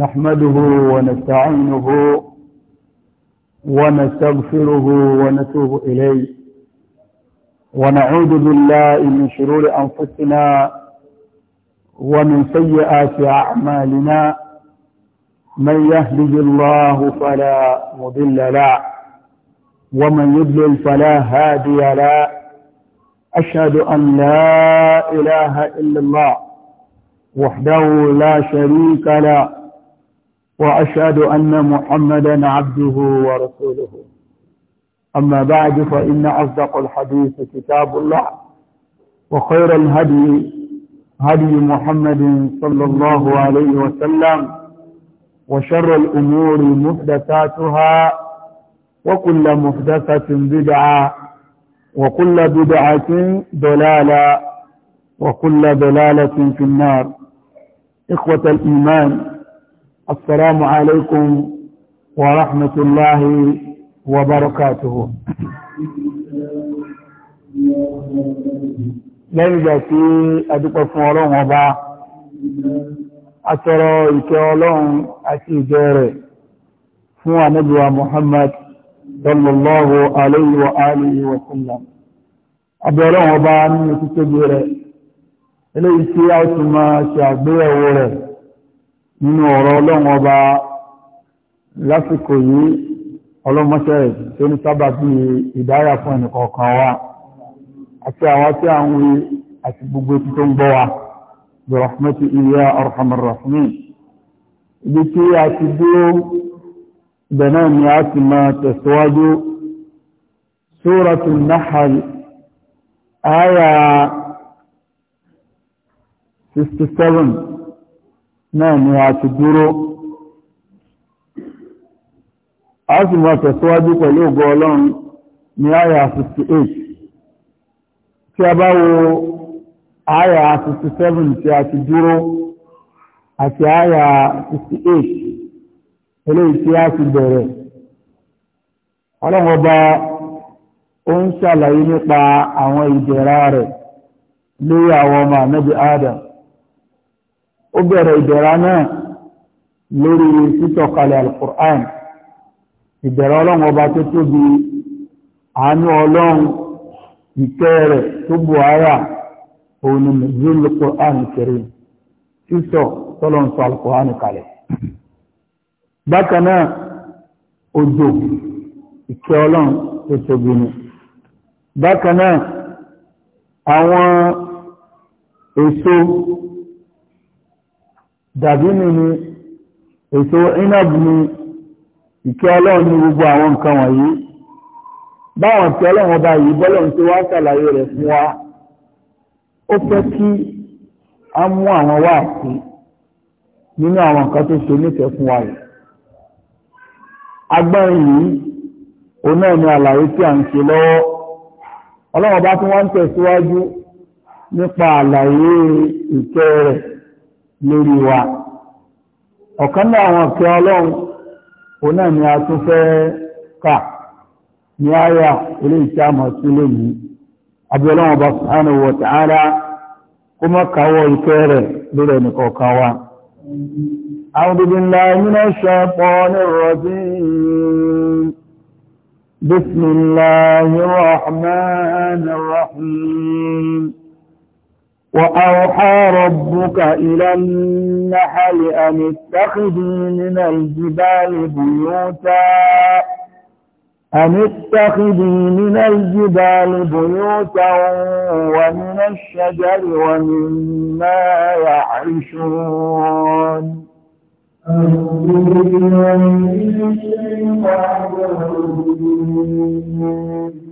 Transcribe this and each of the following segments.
نحمده ونستعينه ونستغفره ونتوب إليه ونعوذ بالله من شرور أنفسنا ومن سيئات أعمالنا من يهدج الله فلا مضل له ومن يضلل فلا هادي له أشهد أن لا إله إلا الله وحده لا شريك له وأشهد أن محمدا عبده ورسوله أما بعد فإن أصدق الحديث كتاب الله وخير الهدي هدي محمد صلى الله عليه وسلم وشر الأمور محدثاتها وكل محدثة بدعة وكل بدعة دلالة وكل ضلالة في النار إخوة الإيمان السلام عليكم ورحمة الله وبركاته lẹ́yìn ìgbà tí adúpẹ́ fún ọlọ́run ọba atọ́rọ ìkẹ́ ọlọ́run àti ìjọ rẹ̀ fún ànábìwa Muhammad sallallahu alayhi wa alihi wa sallam abẹ́ ọlọ́run ọba nínú títẹ́gbẹ̀ rẹ̀ eléyìí tí a tún máa ṣe àgbéyẹ̀wò rẹ̀ nínú ọ̀rọ̀ ọlọ́run ọba lásìkò yìí ọlọ́mọṣẹ́ tó ní sábà bí ìdáyà fún ẹnìkọ̀ọ̀kan wa àti àwọn tí a ń wí àti gbogbo tí tó ń gbọ́ wa bẹ̀rọ̀fúnmẹ́tì ilẹ̀ arhamarrahimin ibi tí a ti dúró ibẹ̀ náà ni a ti máa tẹ̀síwájú sóràtún náhàl áyà 67 náà ni a ti dúró a sì mọ́ tẹ̀síwájú pẹ̀lú ògo ọlọ́run ní àyà 58 tí a bá wo àyà 57 tí a ti dúró àti àyà 58 eléyìí tí a ti bẹ̀rẹ̀ ọlọ́run ọba ó ń ṣàlàyé nípa àwọn ìdẹ̀ra rẹ̀ ó bẹ̀rẹ̀ ìbẹ̀rẹ̀ lori lórí kale al ìbẹ̀rẹ̀ ọlọ́run ọba tó tóbi àánú ọlọ́run ìkẹ́ rẹ̀ tó bù ara òun ni quran Karim títọ̀ tọ́lọ́n sọ al kalẹ̀ dàbínú ni èso inabu ni ìkẹ́ ọlọ́run ní gbogbo àwọn nǹkan wọ̀nyí báwọn tí ọlọ́run ọba yìí bọ́lọ̀ ń ṣe wá ṣàlàyé rẹ̀ fún wa ó fẹ́ kí a mú àwọn wá sí nínú àwọn nǹkan tó ṣe nífẹ̀ẹ́ fún wa yìí agbọ́n yìí òun náà ni àlàyé tí à ń ṣe lọ́wọ́ ọlọ́run ọba tí wọ́n ń tẹ̀síwájú nípa àlàyé ìkẹ́ rẹ̀ lórí wa ọ̀kan náà àwọn ọ̀kẹ́ ọlọ́run òun náà ni a tún fẹ́ kà ní àyà ilé iṣẹ́ àmọ̀ sí lónìí abẹ́lọ́wọ̀n bá subhanahu wa ta'ala kó mọ́ káwọ́ ìfẹ́ rẹ̀ lórí wa وأوحى ربك إلى النحل أن اتخذي من الجبال بيوتا أن اتخذي من الجبال بيوتا ومن الشجر ومما يعرشون أعوذ بالله من الشيطان الرجيم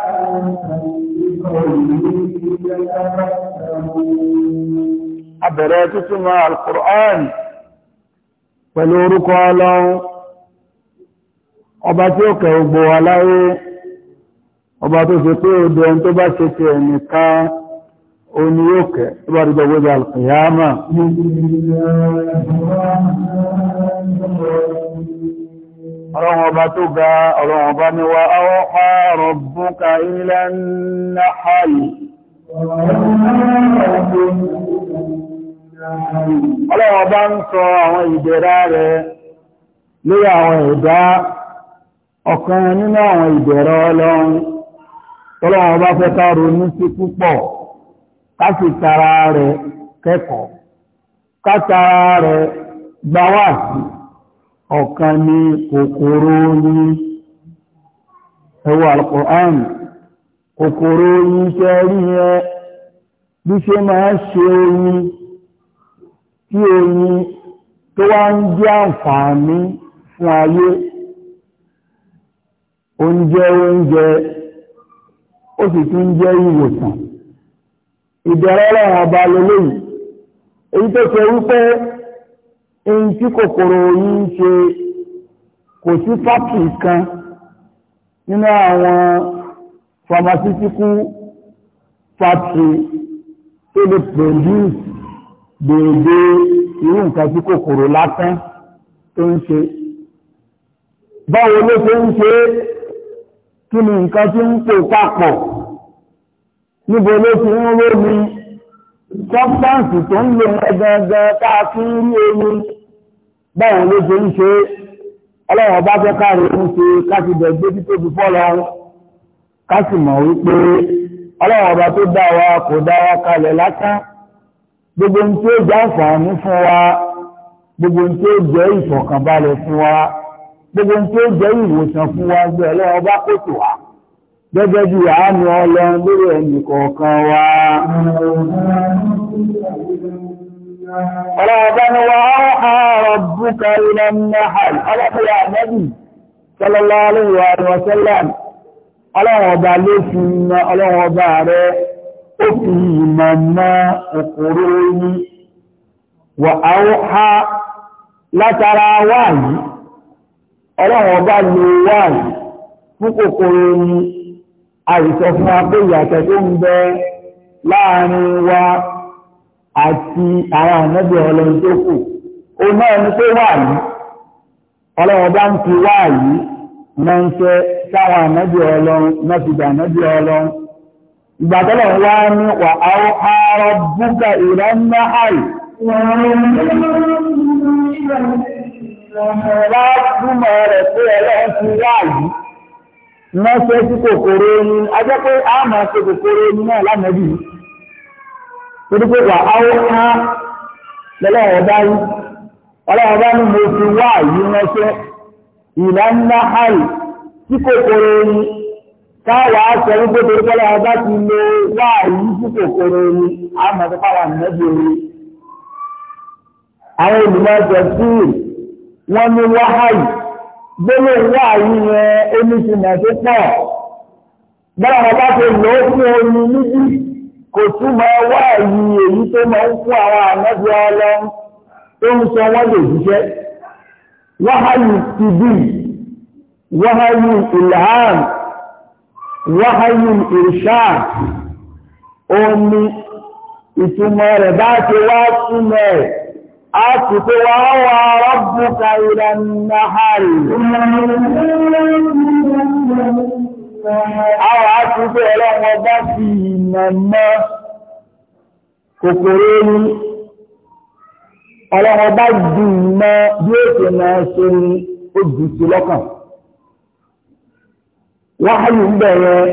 Abẹ̀rẹ̀ títúmọ̀ Al-Qur'an pẹ̀lú orúkọ ọlọ́run, ọba tí ó kẹ ogbò aláyé, ọba tó ṣe pé odò ẹni tó bá ṣe ti ẹnìkan oní yóò kẹ tó bá dúdọ̀ gbogbo Al-Qiyama. ọlọ́run ọba tó ga ọlọ́run ọba ni wa awọ́pá rabbuka ila an-nahli ọlọ́run ọba ń sọ àwọn ìdẹ̀rá rẹ̀ lórí àwọn ẹ̀dá ọ̀kan nínú àwọn ìdẹ̀ra ọlọ́run ọlọ́run ọba fẹ́ sí púpọ̀ ọ̀kan ní kòkòrò oyin ẹwà alkùnrán kòkòrò oyin tẹ́ rí ẹ bí ṣe máa ṣe oyin tí oyin tó wá ń jẹ́ àǹfààní fún ayé oúnjẹ oúnjẹ ó sì tún jẹ́ ìwòsàn ìdẹ̀rẹ́lẹ̀ àbálẹ́lẹ́yìn èyí tó èyí tí kòkòrò yìí ṣe kò sí fákì kan nínú àwọn pharmaceutical factory tó lè produce dèédé irú nǹkan tí kòkòrò lásán tó ń ṣe báwo ló ṣe ń ṣe kí ni nǹkan tí ń pò papọ̀ níbo ló ti ń rómi substance tó ń lò ẹgbẹ̀ẹ̀gbẹ̀ káà fún rí oyin báwọn ló ṣe ń ṣe ọlọ́wọ̀n bá fẹ́ káàrí ń ṣe káti bẹ̀gbẹ́ títò bí fọ́lọ ká sì mọ̀ wípé ọlọ́wọ̀n bá tó dá wa kò dá wa kalẹ̀ lásán gbogbo ní tí ó jẹ́ àǹfààní fún wa gbogbo ní tí ó jẹ́ ìfọ̀kànbalẹ̀ fún wa gbogbo ní tí ó jẹ́ ìwòsàn fún wa gbé ọlọ́wọ̀n bá kò tó wa gẹ́gẹ́ bí àánú ọlọ́run lórí ẹni kọ̀ọ̀kan wa. Ọlọ́ọ̀bá ni wà áàrọ̀ búkà ilẹ̀ Nahal, ọlọ́pẹ̀lẹ̀ àmẹ́bì, sallallahu alaihi wa sallam, ọlọ́ọ̀bá ló fi iná ọlọ́ọ̀bá rẹ̀, ó fi ìmọ̀ látara wáyìí, ọlọ́ọ̀bá ló wáyìí fún kòkòrò yìí, àìsọ fún wa pé ìyàtọ̀ tó ń bẹ láàrin wa àti àwọn ànábì ọlọ́run tó kù náà ní pé wà ọlọ́run bá ń fi yìí ń ṣe sáwọn ànábì ọlọ́run ànábì ọlọ́run ìgbà tọ́lọ̀ wá ní wà áwọ́ mọ́ṣẹ́ sí kòkòrò oyin ajẹ́ pé a ma ṣe kòkòrò oyin náà lánàbí torí pé wà ha, ó ọba lọ́lọ́wọ́ bá ọba ọlọ́wọ́ bá mo fi wá yí mọ́ṣẹ́ ìlà kòkòrò oyin káwà sọ wípé torí pé ọlọ́wọ́ ti lo wá kòkòrò oyin a ma fi pàwà àwọn gbóló wá yìí yẹn omi ti nà tó pọ̀ báwọn ọba ti lò ó fún omi níbí kò túmọ̀ wá yìí èyí tó máa ń fún àwọn ànábi ọlọ́run tó ń sọ wọ́n lè jíṣẹ́ tìbí Àtìkò wa wà rọ́bù kàìlà náhàrì. Àwọn àtìkò ọlọ́wọ́ bá fi ìnàmọ́ kòkòrò ní ọlọ́wọ́ bá jù mọ́ bí ó ṣe máa ṣe ní ó jù sí lọ́kàn. Wáháyù ń bẹ̀rẹ̀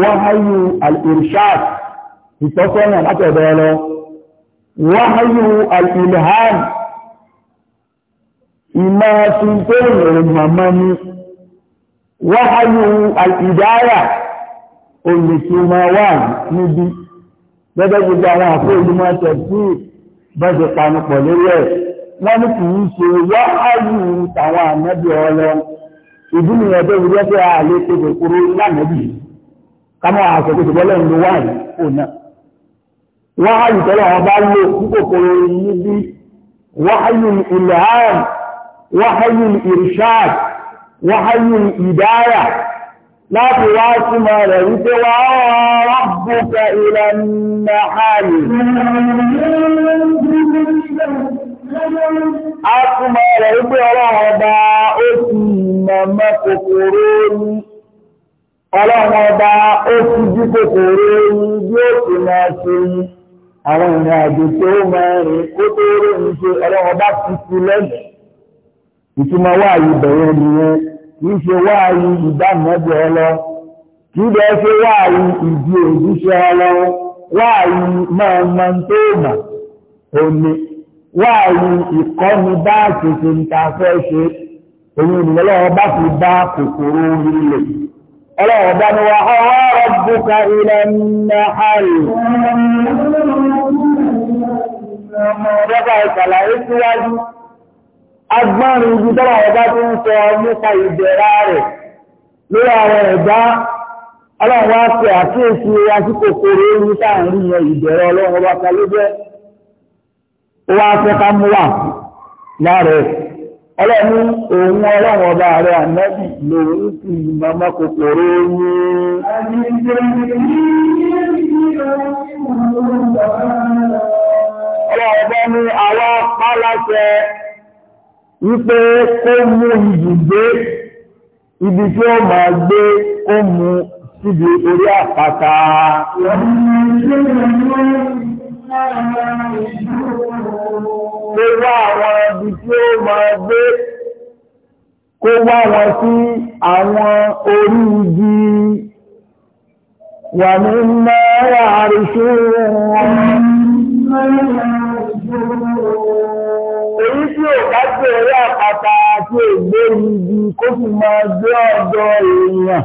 wáháyù al-irshad ìtọ́sọ́nà látọ̀dọ̀ ọlọ́wọ́. wáháyù al-ilham ìmá fi tó ìrìn màmá ní wáháyù al-idaya wà níbi gẹ́gẹ́ gbogbo àwọn àfẹ́ olùmọ̀ tẹ̀sí bẹ́ẹ̀ panupọ̀ lórí ẹ̀ wọ́n ní kìí ṣe tàwọn ọlọ wáhàyù tọ́lọ̀ wọn bá lò kúkòkòrò níbi wáhàyù ilham wáhàyù irshad wáhàyù ìdáyà láti wá súnmọ́ rẹ̀ rẹ̀ wípé ọlọ́wọ́ bá ó ti mọ̀mọ́ ó ti jí kòkòrò ní bí ó ti máa ṣe àwọn ìrìn àjò tó máa rìn kó tó rí ní ṣe ọlọ́wọ́ bá ti fi lẹ́yìn ìtumọ̀ wáàyí bẹ̀rẹ̀ nìyẹn kì í ṣe wáàyí ìdánilẹ́bì ọlọ kì í bẹ́ẹ̀ ṣe ìdí ọlọ máa mọ tó mà ìkọ́ni bá ṣe òun ìrìn ọlọ́ọ̀bá ni wà ọ́rọ̀ búkà ilẹ̀ mẹ́hàlì ọjọ́bà ìsàlàyé síwájú agbárin ibi tọ́lá ọba tó ń sọ nípa ìbẹ̀rẹ̀ rẹ̀ lórí àwọn ẹ̀dá ọlọ́run wá pé àkíyèsí wa orí ìbẹ̀rẹ̀ ọlọ́run fẹ́ ká mú wà ọlọ́ni òun ọlọ́run ọba rẹ̀ ànábì ló ń fi ìmọ̀mọ́ kòkòrò ní ọjọ́ ni àwọn ibi tí ó máa gbé kó mú síbi orí àpáta lè wá àwọn ibi tí ó máa gbé kó wá wọn sí àwọn orí igi wà ní mẹ́rà àríṣẹ́ wọn. Èyí tí ò bá gbé orí àpáta àti ègbé igi kó sì máa gbé ọ̀dọ̀ èèyàn.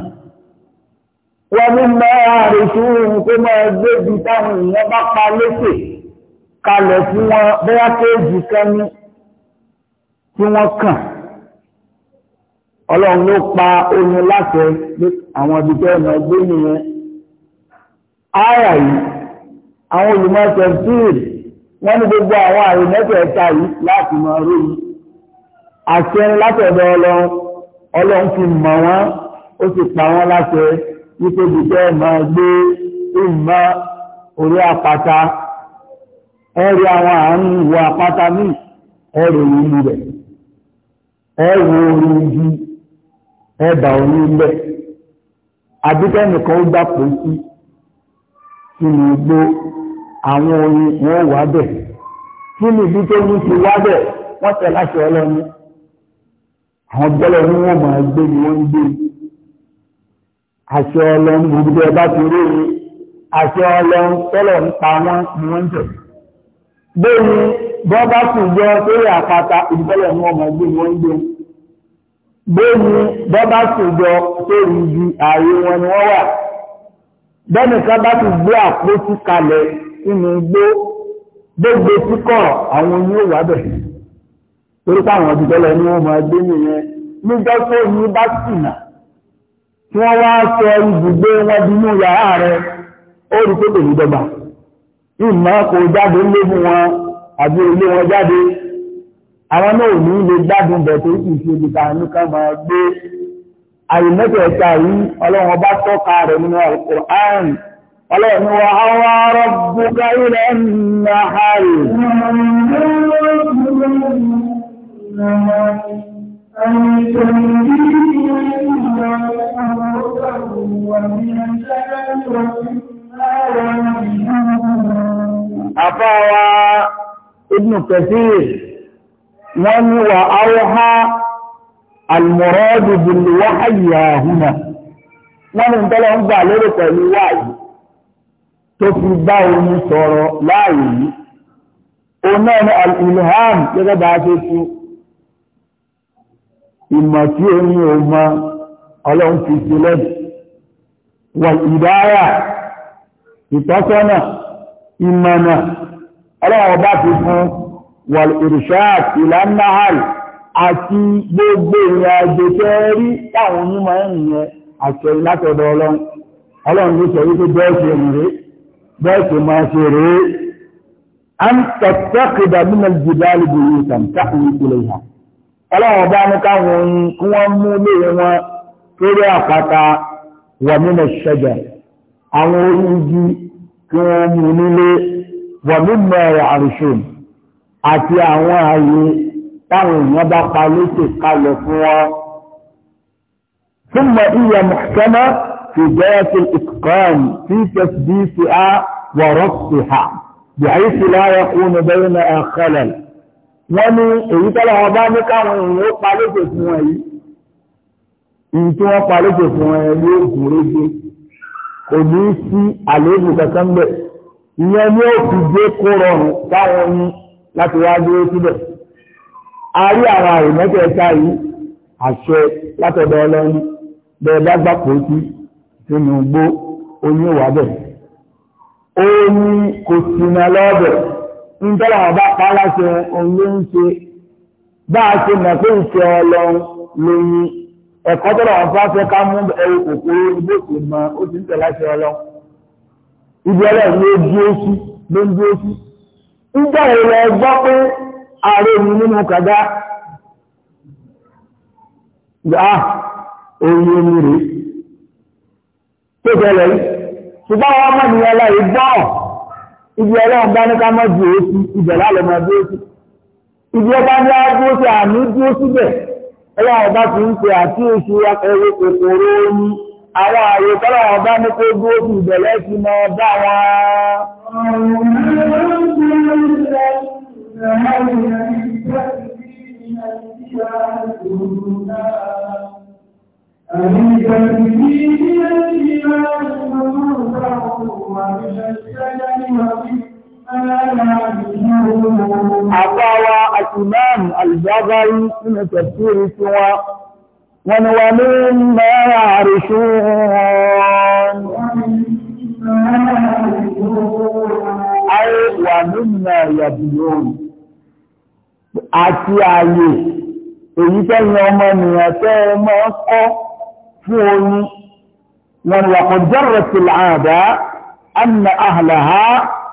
Wọ́n ní mẹ́rà àríṣẹ́ wọn kó máa gbé bí táwọn èèyàn bá pa lókè kalẹ̀ fún wọn bóyá kéèjì kan ní tí wọ́n kàn ọlọ́run ló pa omi láṣẹ pé àwọn ibùdó ọ̀nà gbé nìyẹn ara yìí àwọn olùmọ̀ọ́sẹ̀ bíìrì wọ́n ní gbogbo àwọn àrùn mẹ́tẹ̀ẹ̀ta yìí láti mọ orí yìí àṣẹ látọ̀dọ̀ ọlọ́run ọlọ́run fi mọ̀ wọ́n ó sì pa wọ́n láṣẹ wípé ibùdó ọ̀nà gbé ìmọ̀ orí àpáta ẹ̀rì àwọn àárín ìwọ àpáta ní ẹ̀rì ìlú rẹ̀ ẹ̀rù orí ibi ẹ̀bà orí ilẹ̀ àbíkẹ́nìkan ó dàpọ̀ sí sínú igbó àwọn orin wọn wà bẹ̀ kí ni ibi tó ní ti wá bẹ̀ wọ́n tẹ̀ láṣẹ ọlọ́ni àwọn gbọ́lẹ̀ ní wọ́n máa gbé ni wọ́n ń gbé àṣẹ gbogbo ẹ̀ ti rí àṣẹ ọlọ́run ń pa wọ́n bóyí bọ́bá sì jọ sórí àpáta ìbọ́lẹ̀ mú ọmọ ẹgbẹ́ wọn gbé bóyí bọ́bá sì jọ sórí ibi ààyè wọn ni wọ́n wà bẹ́ẹ̀ni ká bá ti gbé àpótí kalẹ̀ sínú igbó gbogbo síkọ̀ àwọn bẹ̀ torí mú ọmọ ẹgbẹ́ nìyẹn tó yí bá sì nà tí wọ́n wá sọ ibùgbé wọn bínú yàrá ìmọ̀ kò jáde lé wọn àbí ilé wọn jáde àwọn náà ní lè gbádùn bẹ̀tẹ̀ ìṣe ìdìkà nìkan máa gbé àìmẹ́tẹ̀ẹ̀ta yìí ọlọ́run bá tọ́ka rẹ̀ nínú Al-Qur'an ọlọ́run wa hawa rabbuka ila an-nahari Thank you. àfáwa ibn kathir wọ́n ní wà áwọ́há almọ̀rọ́dù bìlì wáhàyà hùnà wọ́n ní tọ́lọ ń gbà lérò pẹ̀lú wáyìí tó fi bá omi sọ̀rọ̀ láàyè yìí O náà ní al gẹ́gẹ́ bá ṣe fi ìmọ̀ tí ó ní ọmọ ọlọ́run fi sílẹ̀ wà ìtọ́sọ́nà ìmọ̀nà ọlọ́wọ́ bá fi fún wal irshad ila nahal àti gbogbo ìrìn àjò tẹ́ rí táwọn onímọ̀ ẹ̀yìn àṣẹ látọ̀dọ̀ ọlọ́run ọlọ́run ló sọ wípé bẹ́ẹ̀sì rèé bẹ́ẹ̀sì máa ṣe rèé an tattaqida min al-jibali buyutan ta'wi ilayha ọlọ́run bá ní káwọn oyin kí kí wọ́n mú nílé wọ̀mímọ̀ ẹ̀rọ àrùsùn àti àwọn ààyè táwọn èèyàn bá pa lóṣè kalẹ̀ fún wọn. ثم هي محكمة في جهة الإتقان في تثبيتها وربطها بحيث لا يكون بينها خلل wọ́n ní èyí tọ́lá ọba ní káwọn èèyàn ó pa lóṣè fún wọn yìí èyí tí wọ́n pa lóṣè fún wọn yìí yóò gùn régé kò ní sí àléébù kankan bẹ̀ ìyẹn ni ó fi gbé kó rọrùn táwọn ní láti wá dúró síbẹ̀ a rí àwọn àrùn mẹ́tẹ̀ẹ̀ta yìí àṣẹ látọ̀dọ̀ ọlọ́run bẹ́ẹ̀ bá gbà pò sí sínú igbó oyún bẹ̀ ó ní kò sínú lọ́bẹ̀ ń tọ́lá ọba pa láṣẹ òun ló ń ṣe bá a ṣe mọ̀ pé ìṣẹ́ ọlọ́run lóyún ẹ̀kọ́ tó lọ́wọ́ fún afẹ́ ká mú ẹrù kòkòrò ibi òkè mọ́ ó ti ń tẹ̀ láṣẹ ọlọ́run ibi ọlọ́run ló dúró sí ló ń dúró sí nígbà yẹn lọ gbọ́ pé ààrẹ mi nínú kàdá gbà ah, òun omi rè tó tẹ̀lé yìí ṣùgbọ́n àwọn ọmọ nìyẹn lọ ìgbọ́ ibi ọlọ́run bá ní ká mọ́ ju èéfì ibẹ̀ lálẹ́ mọ́ dúró sí ibi ọba ní á dúró sí àmì dúró síbẹ̀. ọlọ́wọ́ bá ti ń pe àkíyèsí ẹwọ kòkòrò oyin àwọn ààyè tọ́lọ́wọ́ ọba ní kó dúró sí ìbẹ̀rẹ̀ sí mọ bá wọn. Àmì Àbáwa Àtìmáàmù Àlùbábárí nínú tẹ̀sírí tí wọ́n wọ́n ni wà ní mẹ́rà àrùsù wọn. Ayé wà nínú ìyàbìyàn àti ààyè èyí tẹ́yìn ọmọ ènìyàn tẹ́ ọmọ ọkọ́ fún oyin wọn wà kọjọ́rọ̀ tìlàádá, an na ahàlàhá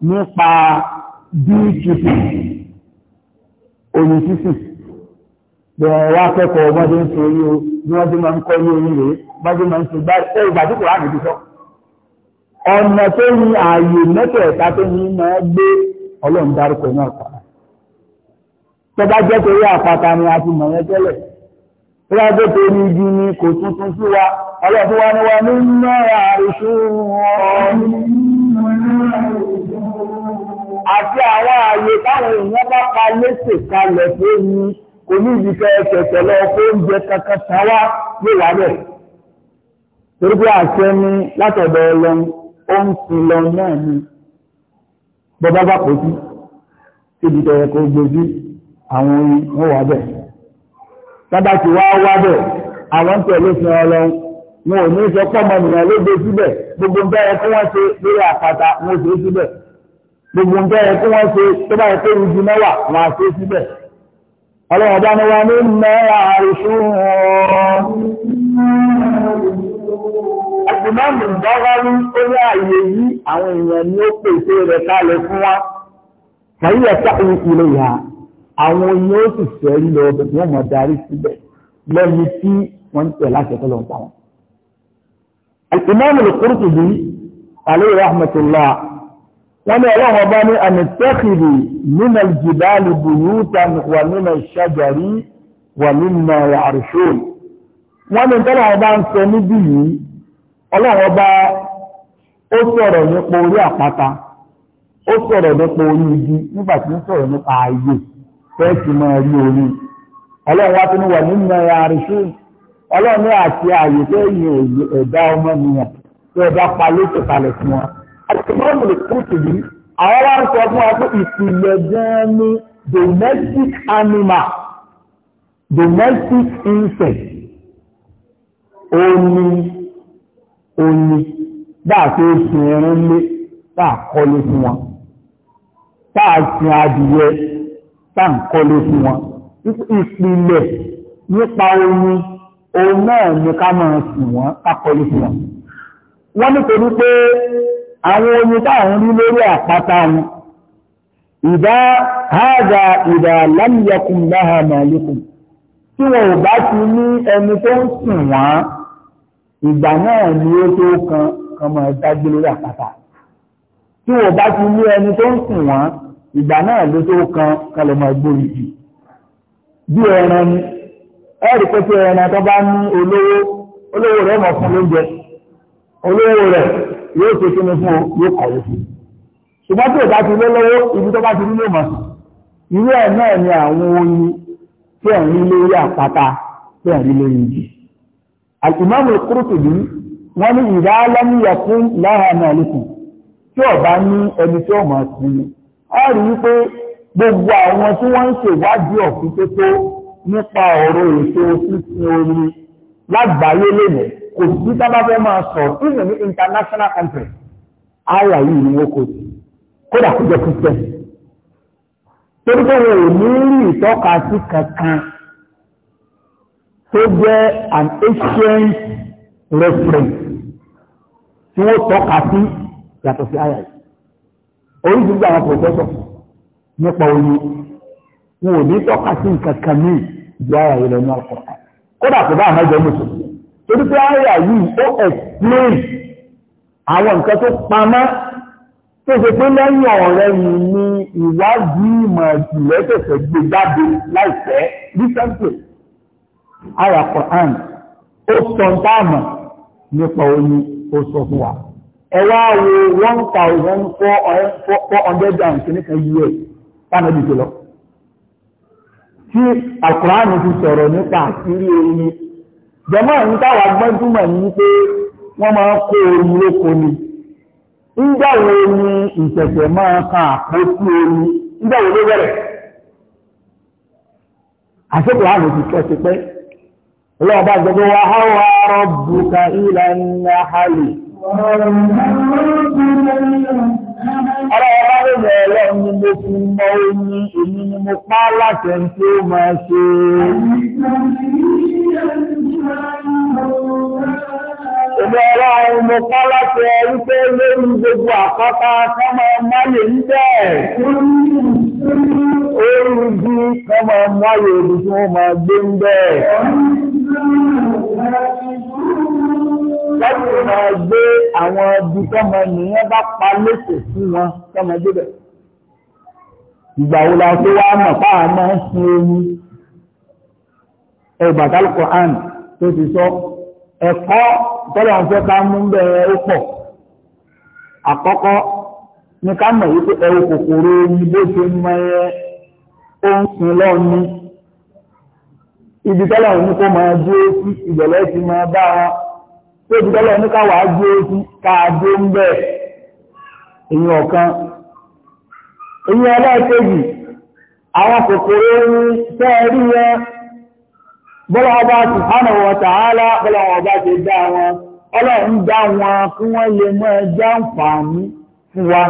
nípa dị omi sísìn bẹ̀rẹ̀ wá kẹ́kọ̀ọ́ ọmọdé ń sọ o wọ́n tí máa ń kọ́ ní orí rẹ̀ bọ́dé ń sọ ọ̀nà tó ní ààyè mẹ́tẹ̀ẹ̀ta tó ní gbé tó bá jẹ́ torí àpáta ni a ti mọ̀ yẹn tẹ́lẹ̀ tuntun sí wa ní náà àti àwọn ààyè táwọn èèyàn bá pa léṣe kalẹ̀ tó ní kò ní ìdíkẹ́ ẹ̀ṣẹ̀ṣẹ̀ lọ oúnjẹ kankan tán wá lè wá torí pé àṣẹ ni látọ̀dọ̀ ọlọ́run ó ń ti lọ náà ni bọ́bá bá pò sí síbi tọ̀yẹ̀ kó gbojú àwọn orin wọ́n wà bẹ̀. sábà tí wá wá bẹ̀ àwọn tẹ̀lé fi hàn lọ wọn ò ní sọ pọ́ mọ nìyẹn ló gbé síbẹ̀ gbogbo bẹ́ẹ̀ tí wọ́n ṣe lórí àpáta wọn ò ṣe síbẹ̀ gbogbo ń bẹ́ẹ̀ kí wọ́n ṣe tó bá yẹ pé ìjì mẹ́wàá wọn á ṣe síbẹ̀ ọlọ́wọ́ bá ní wa ní mẹ́ra àrùsùn ọ̀gbìnàmù dọ́gọ́rú ó ní ààyè yìí àwọn èèyàn ni ó pèsè rẹ̀ kalẹ̀ fún wa fàyíyà sáà ìlú ìhà àwọn èèyàn ó sì fẹ́ lọ ọbẹ̀ tí mọ̀ darí síbẹ̀ lẹ́ni tí wọ́n ń tẹ̀ láṣẹ tó lọ ń pa wọn. Al-Imam wọ́n ní ọlọ́run ọba ní àmìtẹ́kìrì nínú ìjìdáàlì bùrúta wà nínú ìṣàjàrí wà nínú àrùṣòrì wọ́n ní tọ́lọ́run ọba ń sọ níbí yìí ọlọ́run ọba ó sọ̀rọ̀ nípa orí àpáta ó sọ̀rọ̀ nípa orí igi nígbà ń sọ̀rọ̀ nípa ayé fẹ́ẹ̀sì máa àtìmọ́ọ̀mù lè kú tìbí àwọn wá ń sọ fún wa pé ìpìlẹ̀ gan-an ni domestic animal domestic insect omi omi bá a ṣe sin ẹran lé bá a kọ́lé fún wọn bá a sin adìyẹ bá a kọ́lé fún wọn ìpìlẹ̀ nípa omi òun náà ni ká máa sìn wọ́n ká kọ́lé fún wọn. wọ́n nítorí pé àwọn omi táwọn rí lórí àpáta ni ìdá háàdà ìdá lámìyàkùn láha màálùkùn tí wọn bá ti ní ẹni tó ń sìn wọ́n ìgbà náà ni ó tó kan kan mọ̀ lórí àpáta tí wọn bá ti ní ẹni tó ń wọ́n ìgbà náà ló tó kan jù bí ẹran ni ẹran tó bá ní olówó yóò ṣe kí ni fún o yóò kọ̀wé fún ṣùgbọ́n tí o bá ti lé lọ́wọ́ ibi tó bá ti rí lè mọ̀ sí irú ẹ̀ náà ni àwọn oyin tí ẹ̀ ń rí lórí àpáta tí ẹ̀ ń rí lórí ìjì àtìmọ́mù kúrúkùdù wọ́n ní ìdá alámúyà fún láhàánà lẹ́kùn tí ó bá ní ẹni tí ó mọ̀ sí ni a rí wípé gbogbo àwọn tí wọ́n ń ṣèwádìí ọ̀fun tó tó nípa ọ̀rọ̀ ètò sísin orin lágbàáyé lónìí kò sí tábà fẹ́ máa sọ̀rọ̀ even ní international conference àyà yìí ni wọ́n kò sí kódà kó jẹ́ christian torí pé wọn ò ní rí ìtọ́ka sí kankan tó jẹ́ an ancient reference tí wọ́n tọ́ka sí yàtọ̀ sí àyà yìí oríṣiríṣi àwọn pòfẹ́sọ̀ nípa oyin wọn ò ní tọ́ka sí nǹkan kan ní ìdí àyà yìí lọ ní àkọ́kọ́ kódà kò bá àmọ́jọ́ mùsùlùmí torí pé àyà yìí ó explain àwọn nǹkan tó pamọ́ tó ṣe pé lẹ́yìn ọ̀rẹ́ yìí ni ìwádìí ìmọ̀ ìjìnlẹ̀ tẹ̀sẹ̀ gbé jáde láìpẹ́ recently àyà Quran ó sọ dáàmà nípa oyin ó sọ fún wa ẹ wo one thousand four hundred and kìnnìkan us tánà bìtì lọ tí Al-Quran ti sọ̀rọ̀ nípa àkírí oyin jẹmọ́ ní táwà gbọ́njúmọ̀ ní pé wọ́n máa kó orin lóko ni nígbàwó ni ìṣẹ̀ṣẹ̀ máa kan àpótí orin nígbàwó ló bẹ̀rẹ̀ àṣepò àrùn ti pé ọlọ́ọ̀bá gbogbo wa ìlànà Ara ọba ló bẹ̀ ọlọ́run ni mo fi mọ omi, èmi ni mo pa láti ẹni tí ó máa ṣe. Èmi ọlọ́run mo pa láti ẹni pé lórí gbogbo àkọ́ta sọ́mọ máyè ń bẹ̀. Orí bí sọ́mọ máyè ibi tí máa gbé ń bẹ̀. láti ma gbé àwọn ibi tọ́mọ nìyẹn bá pa lẹ́sẹ̀ sí wọn tọ́mọ débẹ̀. ìgbà la tó wá mọ̀ fáà máa ń sin oyin ẹgbà tálùkọ̀ àn tó ti sọ ẹ̀kọ́ tọ́lọ̀ ní ká mọ̀ wípé tó ti tọ́lọ̀ ní káwà gbé oṣù káàdó ń bẹ̀ èyí ọ̀kan èyí ẹlẹ́ẹ̀kejì àwọn kòkòrò ní bọ́lá ọba subhanahu wa bọ́lá ọba ti dá wọn ọlọ́run dá wọn kí wọ́n lè mọ́ fún wa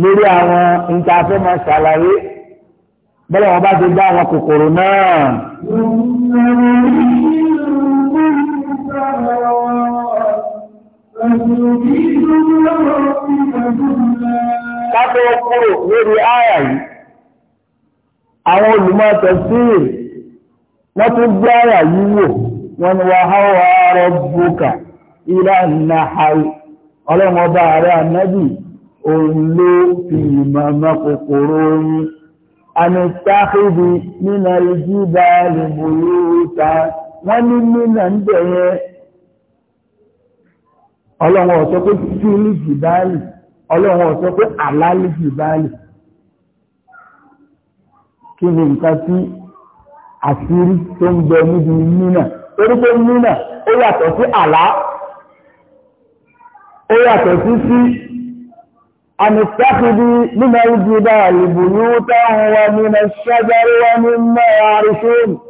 lórí àwọn ìtafẹ́ bọ́lá wọn bá ti dá àwọn kòkòrò náà. Káfẹ́ kúrò lórí ààyà yìí, àwọn olùmọ̀ tafsir wọ́n tún gbé ààyà yìí wò wọ́n wà ààrẹ òun ló fi ìmọ̀ ọmọ kòkòrò ànìtàkìdì nínà ìjì bá lùbùrù ìta wọ́n ní nínà ń bẹ̀ yẹn ọlọ́run ọ̀sọ́ pé kí ní jìbáàlì ọlọ́run ọ̀sọ́ pé àlálì jìbáàlì kí ni nǹkan tí àṣírí tó ń bẹ níbi nínà torí nínà ó yàtọ̀ sí àlá ó yàtọ̀ sí sí. أن اتخذي الجبال بيوتا ومن الشجر ومما يعرشون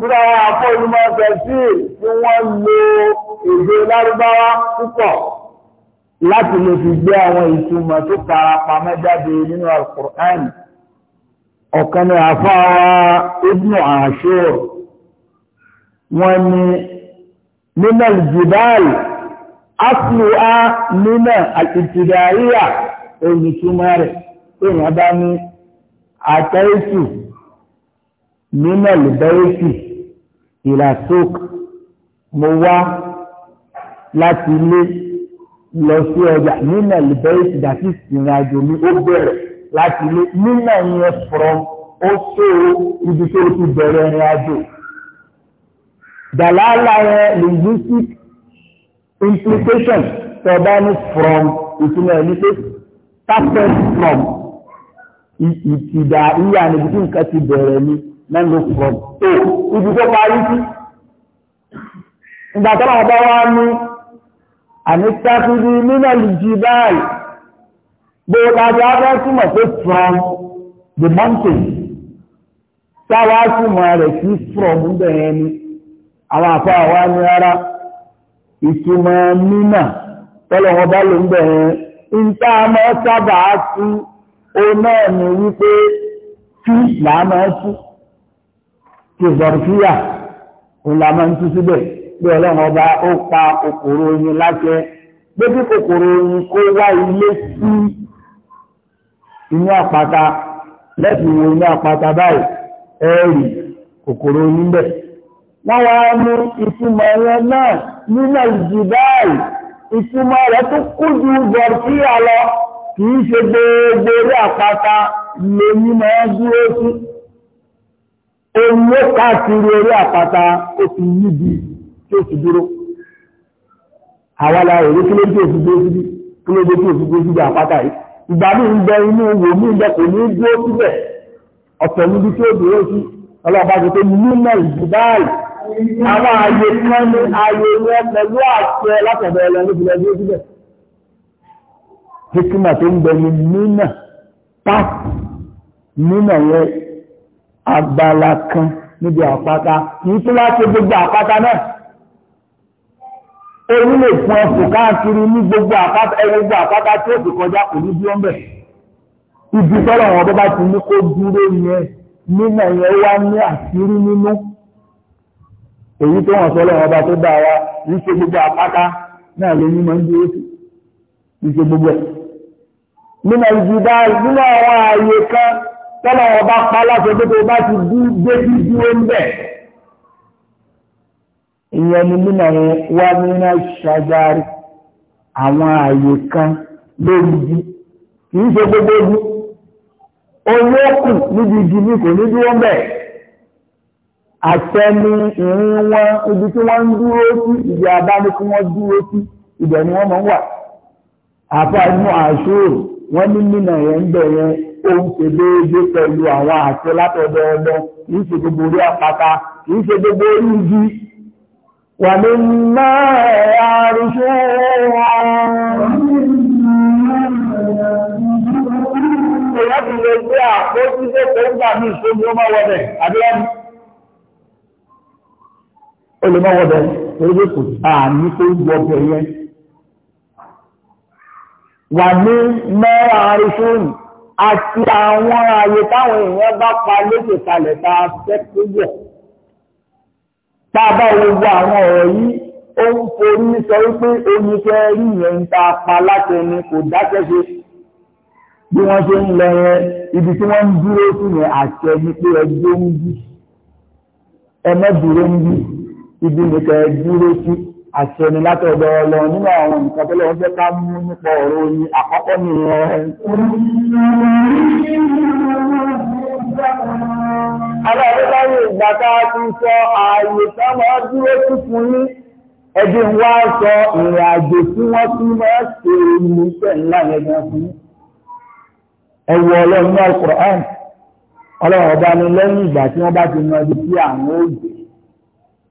Kúrò àwọn àpọ̀ ìlúmọ̀ tẹ̀sí tí wọ́n lo èdè lárúbáwá púpọ̀ láti lè fi gbé àwọn ìtumọ̀ tó parapa mẹ́jáde nínú al Ọ̀kan ni àfáà Ibn Ashur wọ́n ní nínà ìjìdáàlì áfíà nínà àtìtìdáríà olùtúmọ̀ rẹ̀ èèyàn bá ní àtẹ́ẹ̀tù nínà lùbẹ́ẹ̀tì ìlàsók mo wá láti ilé lọ sí ọjà nínà lùbẹ́ẹ̀tì dàtí ìrìnàjò mi ó bẹ̀rẹ̀ láti ilé nínà yẹn fọ̀rọ̀ ó ṣòro ibi tó ti bẹ̀rẹ̀ ìrìnàjò dàlálà yẹn linguistic implication tó bá ní from ìtumọ̀ ẹni pé started from ìtìdá ìyá níbi tí nǹkan ti bẹ̀rẹ̀ ni náà ló from tó ibi tó parí sí. ìgbà tó máa bá wá ní àníkàkiri nínú ìjì báyìí gbogbo àti abẹ́ pé from the mountain táwa túmọ̀ rẹ̀ sí from bẹ́ẹ̀ ni. àwọn àfá àwá ní ara ìtumọ̀ mímà tọ́lọ̀wọ́ ló ń bẹ̀rẹ̀ ń tá a mọ́ sábà á tú o náà ní wípé tí làá máa tú tí zọ̀rọ̀fíà òun tú ọba ó pa kòkòrò oyin láṣẹ pé kí kòkòrò oyin kó wá ilé sí inú àpáta lẹ́sìn inú wọ́n wá ní ìtumọ̀ yẹn náà nínú ìjìdáì ìtumọ̀ rẹ̀ tó kújú bọ̀rtíyà lọ kìí ṣe gbogbo orí àpáta lèyí máa dúró sí omi ó káàkiri orí àpáta ó ti yíbi tí ó ti dúró àwa la èrè kí ló dé òfin dúró síbi kí ló dé tí òfin dúró síbi àpáta yìí ìgbà mi ń bẹ inú wò mí ń bẹ kò ní dúró síbẹ̀ ọ̀tọ̀ níbi tí ó dúró sí ọlọ́ọ̀bá ti pé nínú ìjìdáì àwọn ààyè tí wọ́n ní ààyè wọn pẹ̀lú àṣẹ látọ̀dọ̀ ẹlẹ́ ní ìbílẹ̀ yóò síbẹ̀. hikima tó ń bẹ ní nínà pàt nínà yẹn abala kan níbi àpáta kì í tún wá ṣe gbogbo àpáta náà orí lè fún ẹ̀fù káàkiri ní gbogbo àpáta ẹgbogbo àpáta tí ó fi kọjá kò ní bí ó ń bẹ̀. ibi tọ́lọ̀ wọn bọ́ bá ti ní kó dúró yẹn nínà yẹn wá ní àṣírí nínú èyí tó wọ́n sọ lọ́wọ́ ọba tó dá wa ń ṣe gbogbo àpáta náà ló ní máa ń dúró sí ń ṣe gbogbo ẹ̀ nínú ìjìdá nínú àwọn ààyè kan tọ́lọ̀ ọba pa láti pé tó bá ti dú dé bí dúró ń bẹ̀ ìyẹn ni nínú àwọn wá nínú ṣàjáre àwọn ààyè kan lórí igi kì í ṣe gbogbo igi olókùn níbi igi ní kò ní dúró ń bẹ̀ àṣẹ ni ìrìn wọn ibi tí wọ́n ń dúró sí ibi àbáni tí wọ́n dúró sí ibẹ̀ ni wọ́n máa ń wà àfa inú àṣòro wọ́n ní nínà yẹn ń bẹ̀ yẹn ó ń ṣe déédéé pẹ̀lú àwọn àṣẹ látọ̀dọ̀ ọlọ kì í ṣe gbogbo orí àpáta kì í ṣe gbogbo orí igi wà ní máa àrùṣe wọn láti lè gbé àpótí tó kọ́ ní ìṣòro ọmọ wọlé àbíọ́mù ó lè mọ́ wọ́bẹ̀ orílẹ̀ kò táà ní tó wọ́bẹ̀ yẹn wà ní mẹ́ra arìsùn àti àwọn ààyè táwọn èèyàn bá pa lókè kalẹ̀ tá a yẹ̀ tá gbogbo àwọn ọ̀rọ̀ yìí ó ń forí sọ wípé omi fẹ́ rí yẹn ń ta pa láti ẹni kò dákẹ́ṣe bí wọ́n ṣe ń lọ yẹn ibi tí wọ́n ń dúró sí yẹn àṣẹ ni pé ẹgbẹ́ ń bí ẹmẹ́dúró ń bí ibi nìkan dúró sí àti ẹni látọ̀dọ̀ ọlọ nínú àwọn nǹkan tó lọ́wọ́ fẹ́ ká mú nípa ọ̀rọ̀ oyin àkọ́kọ́ nìyẹn. Aláàbẹ̀láyé ìgbà tá a ti ọlọ́run ní al Ọlọ́run ọba ni lẹ́yìn ìgbà tí wọ́n bá ti mọ ibi tí àwọn ó gbé.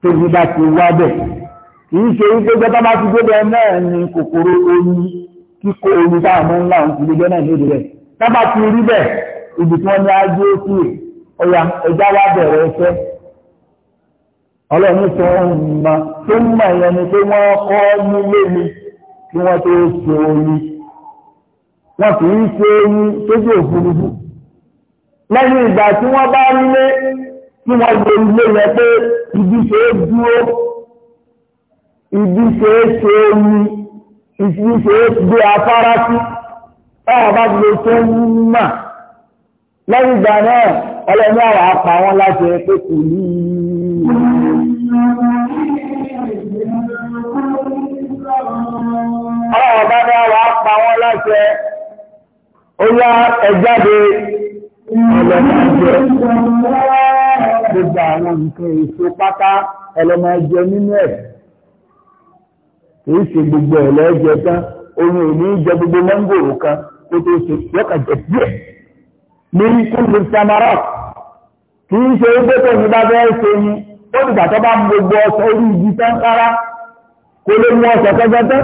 tóbi bá ti wá bẹ̀ kì í ṣe wípé jọba bá ti gbé bẹ́ẹ̀ náà ni kòkòrò oyin kíkó oyin táwọn ọmọ ńlá òun ti gbé náà lóde rẹ̀ tábà ti rí ibi tí wọ́n ní ajé sí ọ̀yà wá bẹ̀rẹ̀ ẹsẹ̀ ọlọ́run mọ tó ń mọ ìyẹn ni pé wọ́n kọ́ nílé mi oyin kì í ṣe oyin bá tí wọ́n lo ilé yẹn pé ibi ṣe é dúró ibi ṣe é ṣe omi ibi ṣe é gbé afárá sí báwa bá ti lè tó ń mà lẹ́yìn ìgbà náà ọlọ́ni àwọn apá wọn láti ẹ pé kò ní ọlọ́wọ́ bá ní àwọn apá wọn láti ẹ ó yá ẹ̀jáde ọlọ́ni àjẹ́ gbogbo àwọn nǹkan èso pátá ẹlọmọ ẹjẹ nínú ẹ̀ kìí ṣe gbogbo ẹ̀lọ́ ẹjẹ tán orin ò ní jẹ gbogbo mọ́ngòrò kan kó tó ṣe yọkà jẹ díẹ̀ lórí kúlù samara kìí ṣe gbogbo tó ní bá fẹ́ ṣe ni ó dìgbà tó bá gbogbo ọsọ orí igi tán rárá kó lè mú ọsọ kẹgbẹtẹ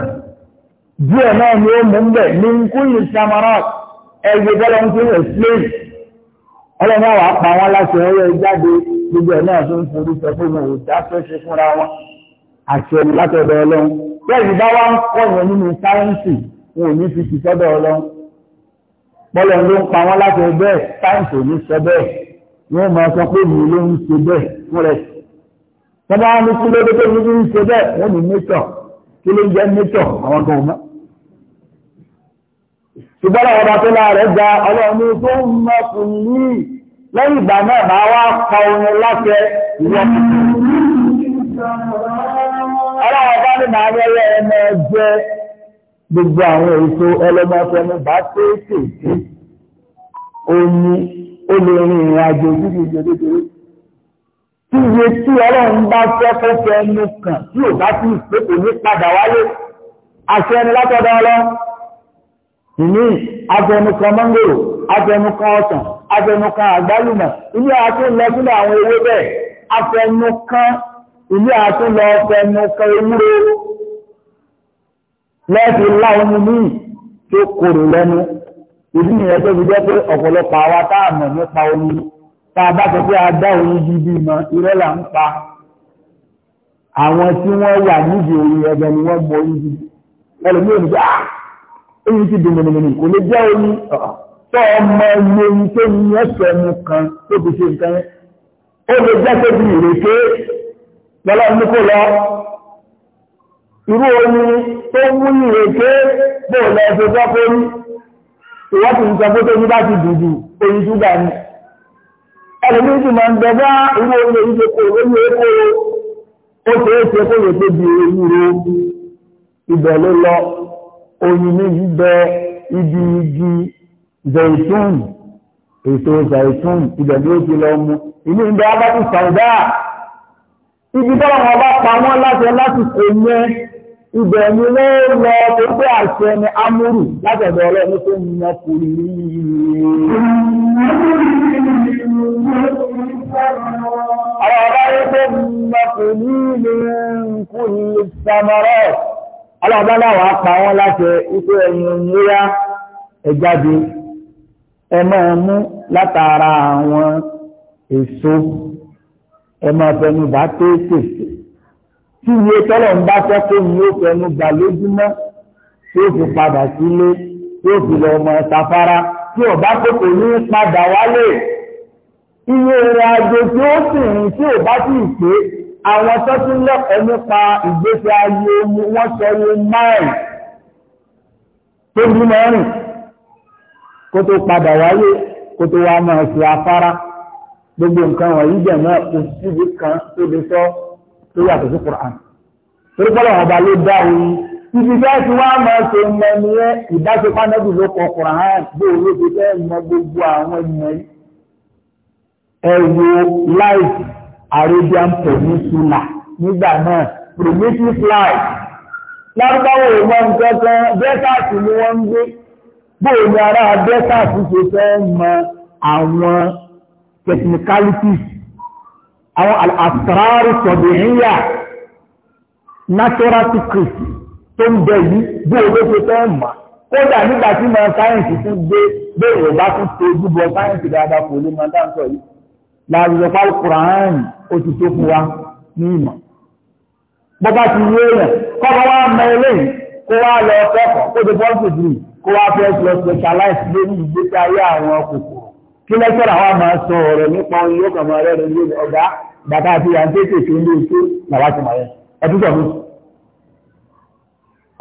díẹ̀ náà ni ó mú ń bẹ lórí kúlù samara ẹgbẹ bọlọ ń tún explain ọlọ́run àwọn apá wọn láṣẹ ọyọ jáde gbogbo ẹ̀ náà tó ń forí sọ pé mo ò dá fẹ́ ṣe fúnra wọn àti ẹ̀mí látọ̀dọ̀ ọlọ́run bẹ́ẹ̀ bá wá ń kọ́ yẹn nínú sáyẹ́ǹsì wọn ò ní fi ti sọ́dọ̀ ọlọ́run bọ́lọ̀ ló ń pa wọn láṣẹ bẹ́ẹ̀ sáyẹ́ǹsì ò ní sọ bẹ́ẹ̀ wọ́n máa sọ pé mi ló ń ṣe bẹ́ẹ̀ fún rẹ̀ tọ́ba wọn ní kí lóde tó ní ń ṣe bẹ́ẹ̀ wọ́n ní mẹ́tọ̀ kí ló ń jẹ́ mẹ́tọ̀ àwọn kan ò mọ́ ṣùgbọ́n ọba tó láàrẹ̀ gba ọlọ́run tó ń mọ́kùn ní lẹ́yìn ìgbà náà bá wá pa orin láṣẹ ìwọ̀n ọlọ́run bá ní màá rẹ̀ ẹ̀mọ jẹ gbogbo àwọn èso ẹlẹ́mọ́fẹ́mú bá tètè sí omi ó lè rin ìrìn iye tí ọlọ́run bá fẹ́ ẹnu kàn tí ò bá sì pé ní padà wálé àṣẹ ẹni látọ̀dọ̀ ọlọ́run ìní abẹnukan mọ́ngòrò abẹnukan ọsàn abẹnukan àgbálùmọ̀ ilé àtún lọ sílẹ̀ àwọn ewé bẹ́ẹ̀ afẹnukan ilé àtún lọ fẹnukan ewúro lẹ́ẹ̀fi láwọn ní tó kòrò lẹ́nu ìdí nìyẹn tó fi jẹ́ pé ọ̀pọ̀lọpọ̀ àwa tá a mọ̀ nípa omi tá a bá sọ pé a dá omi gidi mọ̀ irọ́ là ń pa àwọn tí wọ́n wà nídìí omi ẹgbẹ́ ni wọ́n mọ omi gidi ẹlòmíràn ní omi ti dùn mìnìmìnì kò lè jẹ́ omi tó ọmọ ẹni omi tó ní ẹsẹ̀ mu kan tó fi ṣe nǹkan yẹn ó lè jẹ́ tó fi ìrèké lọ́lá ní kó lọ irú omi tó mú ìrèké bó lọ ṣe tọ́kọ́ rí ìwọ́pùn nǹkan tó tóbi bá ti dùdù oyin ṣúgà ni ẹlòmíín sì máa ń bẹ bá irú omi èyí ṣe kó lórí èkó ó ṣeé ṣe kó lè tóbi ìrò ibẹ̀ ló lọ oyin méjì bẹ ibi igi zaitun èso zaitun ibẹ̀ ni ó ti lọ mu ìlú ìgbà abájú sàúdà ibi tọ́lá wọn bá pa wọ́n láti lásìkò yẹn ibẹ̀ ni wọ́n lọ tó pé àṣẹ ni amúrù látọ̀dọ̀ ọlọ́run tó ń yan kùrì rí àwọn ọba yóò tó ń yan kùrì rí kùrì samarọ́ọ̀tì ọlọ́ọ̀bá láwàá pa wọ́n láṣẹ wípé ẹyin oníyá ẹ̀jáde ẹ máa mú látara àwọn èso ẹ máa fẹnu bá tètè tí iye tọ́lọ̀ ń bá fẹ́ kó ni ó fẹnu gbà lójúmọ́ tí ó fi padà sílé tí ó fi lọ ọmọ ṣàfárá tí ọba kòkò ní padà wálé iye ìrìn àjò tí ó sì rìn tí ò bá sì pé àwọn tó tún lẹ́kọ̀ọ́ nípa ìgbésí ayé wọ́n sọ ní márùn tó bí mẹ́rin kó tó padà wáyé kó tó wá máa fi afárá gbogbo nǹkan wọ̀nyí jẹ̀ mọ́ òṣìṣẹ́ kan tó lè sọ tó yàtọ̀ sí Qur'an torí pọ́lọ̀ ọba ló dá oyin ibi fẹ́ tí wọ́n á máa ṣe mọ nìyẹn ìbáṣepọ̀ anábì ló kọ Qur'an bó ló ti fẹ́ mọ gbogbo àwọn ènìyàn ẹ wo láìsí Arabian Peninsula nígbà náà primitive life lárúbáwò ìwọ̀n kankan desert ni wọ́n ń gbé bóò ní ará desert ṣe fẹ́ mọ àwọn technicalities àwọn àtàrárù sọ̀bìnrìyà natural secret tó ń bẹ yìí bóò ló ṣe fẹ́ mọ̀ kódà nígbà tí mọ sáyẹ̀nsì tún gbé bóò bá tún ṣe ojúbọ sáyẹ̀nsì dáadáa kò lè mọ dáńtọ̀ yìí láàrùjọ pàl kùrán ó ti tó fún wa ní ìmọ̀ bọ́bá ti yé èèyàn kọ́kọ́ wá mọ eléyìí kó wá lọ kẹ́kọ̀ọ́ kó ti bọ́ sí ìdílé kó wá fẹ́ lọ specialize lórí ìgbésí ayé àwọn kòkòrò kí lẹ́sẹ̀rẹ̀ àwọn máa sọ ọ̀rọ̀ nípa ohun yóò kàn máa rẹ́ ní ọ̀gá bàtà àti àǹtí ètò ilé iṣẹ́ làwọn ti mọ̀ yẹn ẹbí sọ̀rọ̀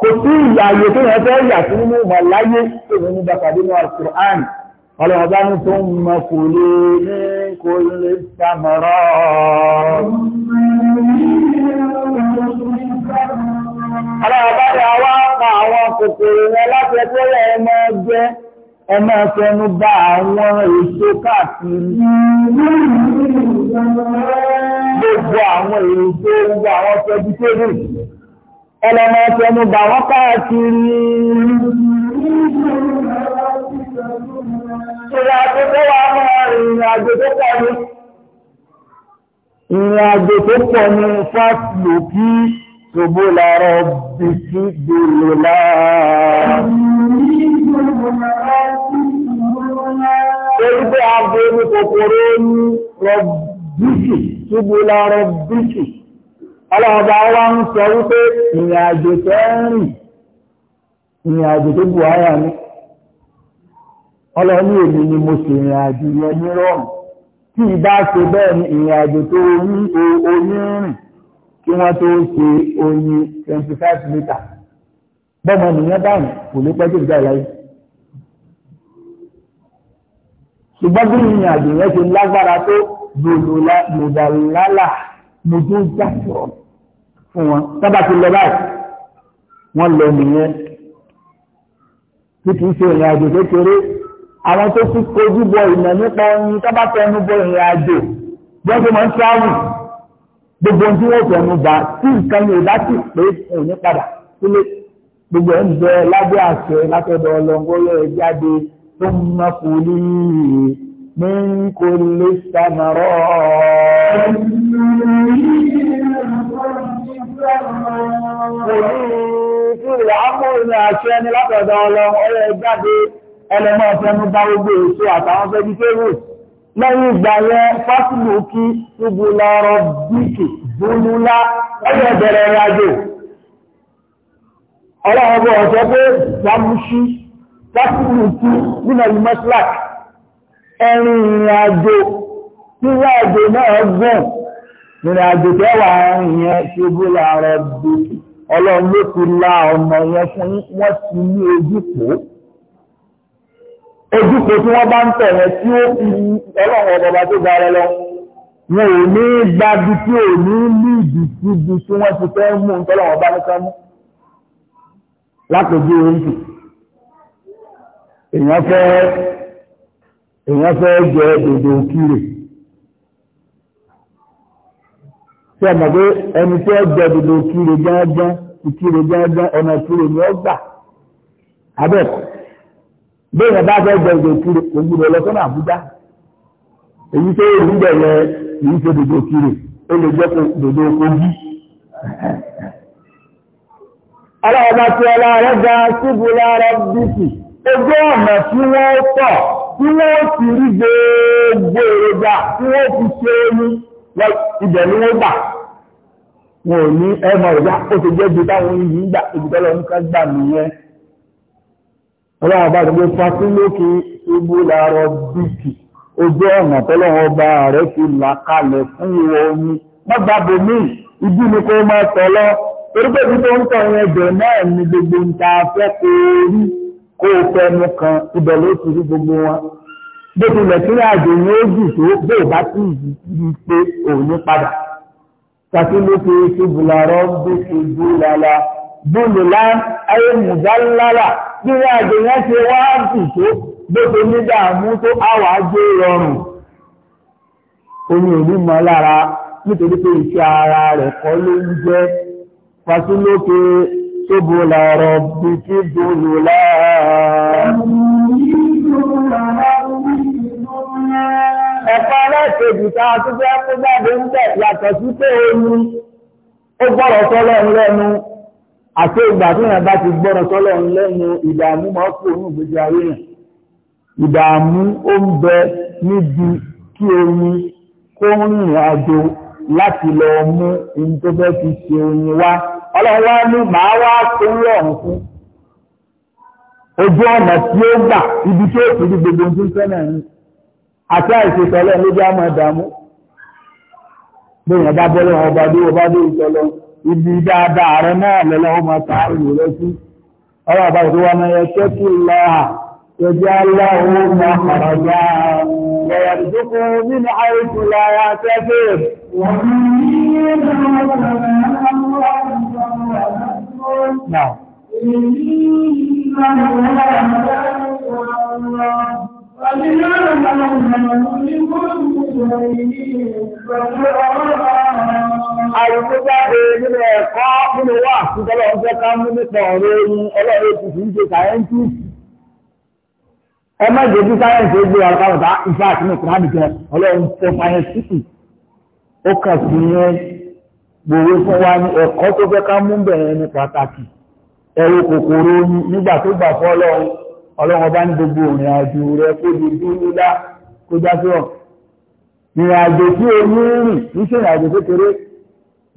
kò sí ìyàyè tó yẹn fẹ́ yà sí nínú ìmọ̀ láyé tó ní bàtà nínú àkùrán ọlọ́ọ̀bá ní tó ń mọ kò lè ní kò lè sàmọ̀rọ̀ ọlọ́ọ̀bá ní àwọn àpá àwọn kòkòrò rẹ láti ẹgbẹ́ rẹ̀ ẹmọ ẹgbẹ́ ẹmọ ẹfẹnu bá àwọn èso káàkiri gbogbo àwọn èso gbogbo àwọn fẹbítẹ́rì káàkiri ìrìn àjò tó wà máa ìrìn àjò tó pọ̀ ní ìrìn àjò tó pọ̀ ní fásitì kí ṣògbó làárọ̀ bí sí gbèrè láàá. Torí pé àbò ní kòkòrò ní rọ̀bíkì, ṣògbó làárọ̀ bíkì. Aláàbá wa ń sọ wípé ìrìn àjò ń rìn, ìrìn tó bù áyà ní ọlọ́ní èmi ni mo ṣe ìrìn àjò yẹn ní rọrùn tí ìbá ṣe bẹ́ẹ̀ ni ìrìn àjò tó ní onírìn kí wọ́n tó ṣe oyin twenty five meter bọ́mọ nìyẹn báyìí kò ní pẹ́ tó gbà láyé. ṣùgbọ́n bí ìrìn àjò yẹn ṣe lágbára tó lòdàlálà mo tún jáfọ̀ fún wọn sábà ti lọ báyìí wọ́n lọ nìyẹn tí ṣe ìrìn àjò kékeré àwọn tó ti kojú bọ ìmọ̀ nípa oyin tó bá tẹnu bọ ìrìn àjò wọ́n ti máa ń tíráwù gbogbo ohun tí wọ́n tẹnu bá tí nǹkan yóò bá sì pé òní padà sílé gbogbo ẹ̀ ń bẹ lábẹ́ àṣẹ látọ̀dọ̀ ọlọ́ngọ́yọ̀ ẹ̀ jáde tó ń mọ́kù ní ní kò lè sàmọ̀rọ̀. Kò ní ìtura àmúrin àṣẹ ni látọ̀dọ̀ ọlọ́ngọ́yọ̀ ẹ̀ jáde ẹlẹmọ ọfẹnu bá gbogbo èso àtàwọn fẹbi fẹwò lẹ́yìn ìgbà yẹn fásitì kí ibùlà ọ̀rọ̀ bíkì bùnúlá ẹyẹ bẹ̀rẹ̀ ìrìnàjò ọlọ́run bọ ọsọ pé zamushi fásitì kí nínú ìlú mọsílák ẹrin ìrìnàjò ìrìnàjò náà gùn ìrìnàjò tẹwàá ìyẹn ṣubúlà ọ̀rọ̀ bíkì ọlọ́run ló ti la ọ̀nà yẹn fún wọn ti ní ojúkòó ojúkò tí wọ́n bá ń tẹ̀ yẹn tí ó fi ọlọ́run ọba tó ga rẹ lọ wọn ò ní gbadi tí ò ní líìdì síbi tí wọ́n ti fẹ́ mú ọlọ́run ọba nìkan mú lápèjú oríṣi èèyàn fẹ́ èèyàn fẹ́ jẹ dòdò òkìrè tí a mọ̀ pé ẹni tí ó jẹ dòdò òkìrè gángan òkìrè gángan ọ̀nà òkìrè ni ó gbà abẹ́ẹ̀kọ́ bẹ́ẹ̀ bá fẹ́ gbẹ ìgbè kiri òyìn rẹ̀ lọ́sọ́nà àbújá èyí tó rí ń bẹ̀rẹ̀ èyí tó dòdò kiri ó lè jẹ́ dòdò kogi aláwọ̀bá tí ọlá rẹ̀ ga síbi lára bíkì ojú ọ̀nà tí wọ́n tọ̀ tí wọ́n ti rí gbogbo èròjà tí wọ́n ti ṣe oyún ibẹ̀ ni wọ́n gbà wọn ò ní ẹmọ ìyá ó ti jẹ́ ibi táwọn yìí ń gbà ibi tọ́lọ́ ń ká gbà nìyẹn ọlọ́wọ́ bá gbogbo fasílókè ibùlà rọ̀bìkì ojú ọ̀nà tọ́lọ́wọ́ bá rẹ̀ fi là kalẹ̀ fún ìwọ omi mọ́gbàbò mí ibi ni kó máa tọ́lọ́ torípé ibi tó ń tọ̀ yẹn ẹ̀bẹ̀ náà ni gbogbo ń ta afẹ́ kó rí kó fẹnu kan ibẹ̀ ló ti rí gbogbo wọn bó tilẹ̀ sí àjò ní ojú tó bó bá sí ìdí pé òní padà fasílókè ibùlà rọ̀bìkì ibùlà la bùlù lá bí wọ́n àjò yẹn ṣe wá sì tó gbogbo nídààmú tó àwà jẹ́ rọrùn omi ò ní mọ́ lára nítorí pé iṣẹ́ ara rẹ̀ kọ́ ló ń jẹ́ fasúlókè tóbo làrọ̀ bí kí dòlò lára. ẹ̀kọ́ alákejì tá a fẹ́ kó jáde ń bẹ̀ yàtọ̀ sí pé omi ó gbọ́dọ̀ sọ́lọ́ ń lẹ́nu àti ìgbà tí èèyàn bá ti gbọ́rọ̀ sọ́lọ̀ lẹ́nu ìdààmú máa kú òun ìgbésí ayé yẹn ìdààmú ó ń bẹ níbi kí oyin kó rìnrìn àjò láti lọ mú ohun tó fẹ́ fi ṣe oyin wá ọlọ́run wá ní màá wá torí ọ̀hún fún ojú ọ̀nà tí ó gbà ibi tí ó fi di gbogbo ohun tó ń fẹ́ náà ni àti àìsèsọ́lọ́ ló jẹ́ àmọ́ ìdààmú bí bá bọ́ lọ́wọ́ ọba dé ọba dé ìtọ́lọ́run ibi dáadáa rẹ náà lọ́lọ́wọ́ máa ta ìlú rẹ sí ọwọ́ àbáyé tó wà máa yẹ kẹ́kì lọ́hà tẹ̀jẹ́ aláwọ̀ máa fara gbá lọ́yà ìdókò nínú àìsí lára tẹ́fẹ́ Now. فبما ظلموا منهم Àìsíjáde nínú ẹ̀kọ́ nínú wà fúnjọ́lọ́ ọjọ́ ká mú nípa ọ̀rọ̀ orin ìfẹ́ àti ọlọ́run tó Ó sí gbòòrò fún wa ní ẹ̀kọ́ tó fẹ́ ká mú bẹ̀rẹ̀ ní pàtàkì. Ẹ̀rọ kòkòrò nígbà Ọlọ́wọ́ bá ń gbogbo òrìn àjò rẹ kó di dúró lá kó jáde ọ̀ ìrìn àjò tí ó ní rìn ní ṣe ìrìn àjò kékeré